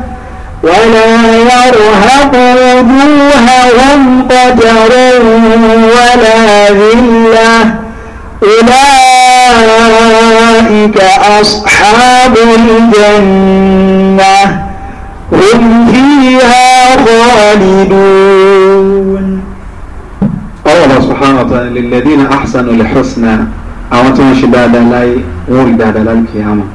ولا يرهق هم قدر ولا ذلة أولئك أصحاب الجنة هم فيها خالدون الله سبحانه وتعالى للذين أحسنوا الحسنى àwọn tí wọ́n ṣe dáadáa láyé wọ́n rí dáadáa lálùkì àmọ́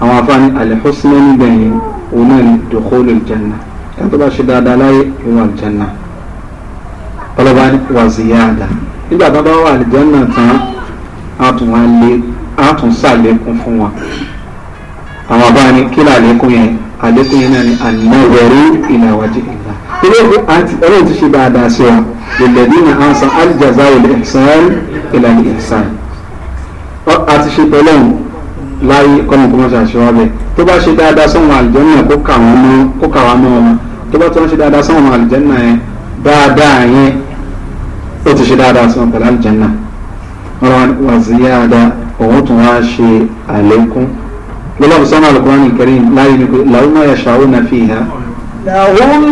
àwọn afáàní àlẹ́hùsílẹ̀ nígbẹ̀yìn òun náà ní dòkóòlù ìjànà ẹni tó bá ṣe dáadáa láyé ìwọ̀n àlùjànà ọlọ́ba wà ziyada nígbà tó bá wà àlùjànà tán àtún sàlékún fún wa àwọn afáàní kí làlékún yẹn àlékún yẹn náà ni ànáwẹ̀rú ìnáwájú ìlà. ilé ìwé àti ọlọ́run ti ṣe dáadáa sí wa ìlẹ̀dí ní ansan alijaza ìlẹ̀ ẹ̀sán ìlànà ẹ̀sán. àti ṣe pẹ̀lú láyé kọ́nà kó má ṣe àṣewá bẹ́ẹ̀ tó bá ṣe dáadáa sọ́wọ́n àlìjẹ́nà kó kà wọ́n mọ́ kó kà wọ́n mọ́ wọn tó bá tó ń ṣe dáadáa sọ́wọ́n àlìjẹ́nà yẹn dáadáa yẹn ó ti ṣe dáadáa sọ́wọ́n pẹ̀lú àlìjẹ́nà wọn wà ziyada òun tún wá ṣe àlékún. لله صنع القرآن الكريم لا لهم ما يشاءون فيها لهم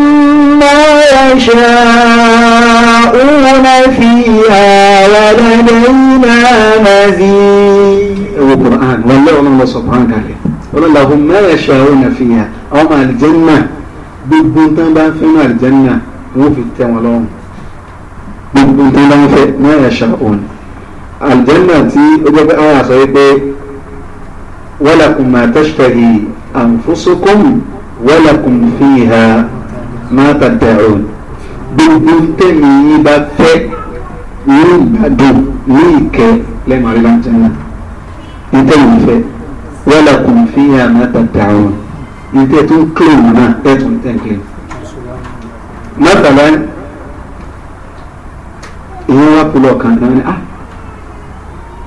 ما يشاءون فيها ولدينا مزيد القرآن والله الله سبحانه وتعالى ولا لهم ما يشاءون فيها أو الجنة بالبنتان بان في الجنة مو في التمالون ولهم بالبنتان بان في ما يشاءون الجنة تي أجب آية صحيحة ولكم ما تشتهي أنفسكم ولكم فيها ما تدعون gbogbo tẹ̀mí yín bá fẹ́ ní ìgbàdùn ní ìkẹ́ lẹ́nu àríwájánà ní tẹ̀mí fẹ́ wọ́lá kùn fi hàn má tàtà ọ̀run ní tẹ̀ tó ń kílèmù náà tẹ̀tùn tẹ̀kílẹ̀. mọ́tàlá ìyẹn wá kúlọ̀ kan náà ni ah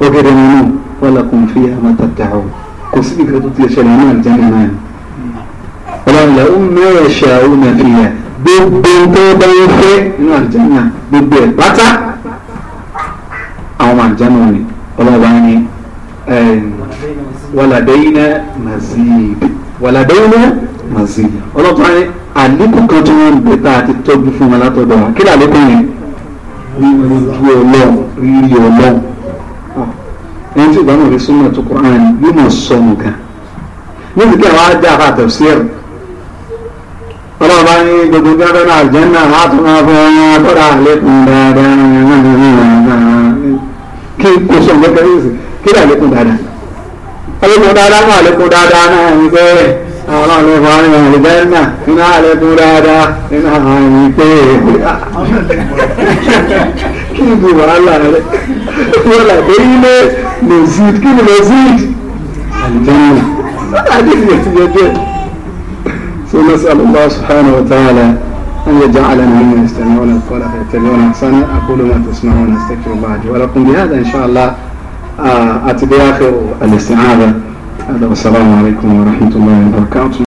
ọ̀gẹ̀dẹ̀ nínú wọ́lá kùn fi hàn má tàtà ọ̀run kò síbi kan tó ti ṣẹlẹ̀ náà jẹ́nu náà ọlọ́run lẹ̀ ó mẹ́rẹ̀ ṣe àwọn ọmọ ìfìyà gbogbo tó bá ń fẹ́ nínú àlùjáná gbogbo ẹ̀ pátá àwọn àlùjáná ni ọlọ́run bá ní wàlàdẹ́yìnà mazid wàlàdẹ́yìnà mazid ọlọ́run bá ní àlékún kan tó wọ́n ń bẹ̀ tá a ti tọ́jú fún wọn látọ̀dọ̀ wọn kí làlékún yẹn rírí ojú ọlọ́run rírí ọlọ́run ẹni tí ìbámu rí súnmọ́ tó Qur'an yóò mọ̀ sọ nǹkan níbi kí àwọn ajá àfa tafsir ọlọ́ọ̀bá ní gbogbo gbẹ́rẹ́ náà àlùjánnà láti máa fẹ́ tọ́ra àlékún dáadáa kí kò sọ nǹkan kẹ́rì sí kí lè àlékún dáadáa àlékún dáadáa náà àlékún dáadáa náà ní pé àwọn ọlọ́ọ̀lẹ́ fún àwọn àlùjánnà nínú àlékún dáadáa nínú àwọn ẹ̀yìn pé kí n bí wàhálà rẹ̀ wọ́n là dé ilé. نزيد كيف نزيد الجنة هذه الاحتجاجات الله سبحانه وتعالى أن يجعلنا ممن يستمعون القول فيتبعون أحسنه أقول ما تسمعون أستغفر الله ولكم بهذا إن شاء الله آه، أتي بآخر الاستعاذة هذا والسلام عليكم ورحمة الله وبركاته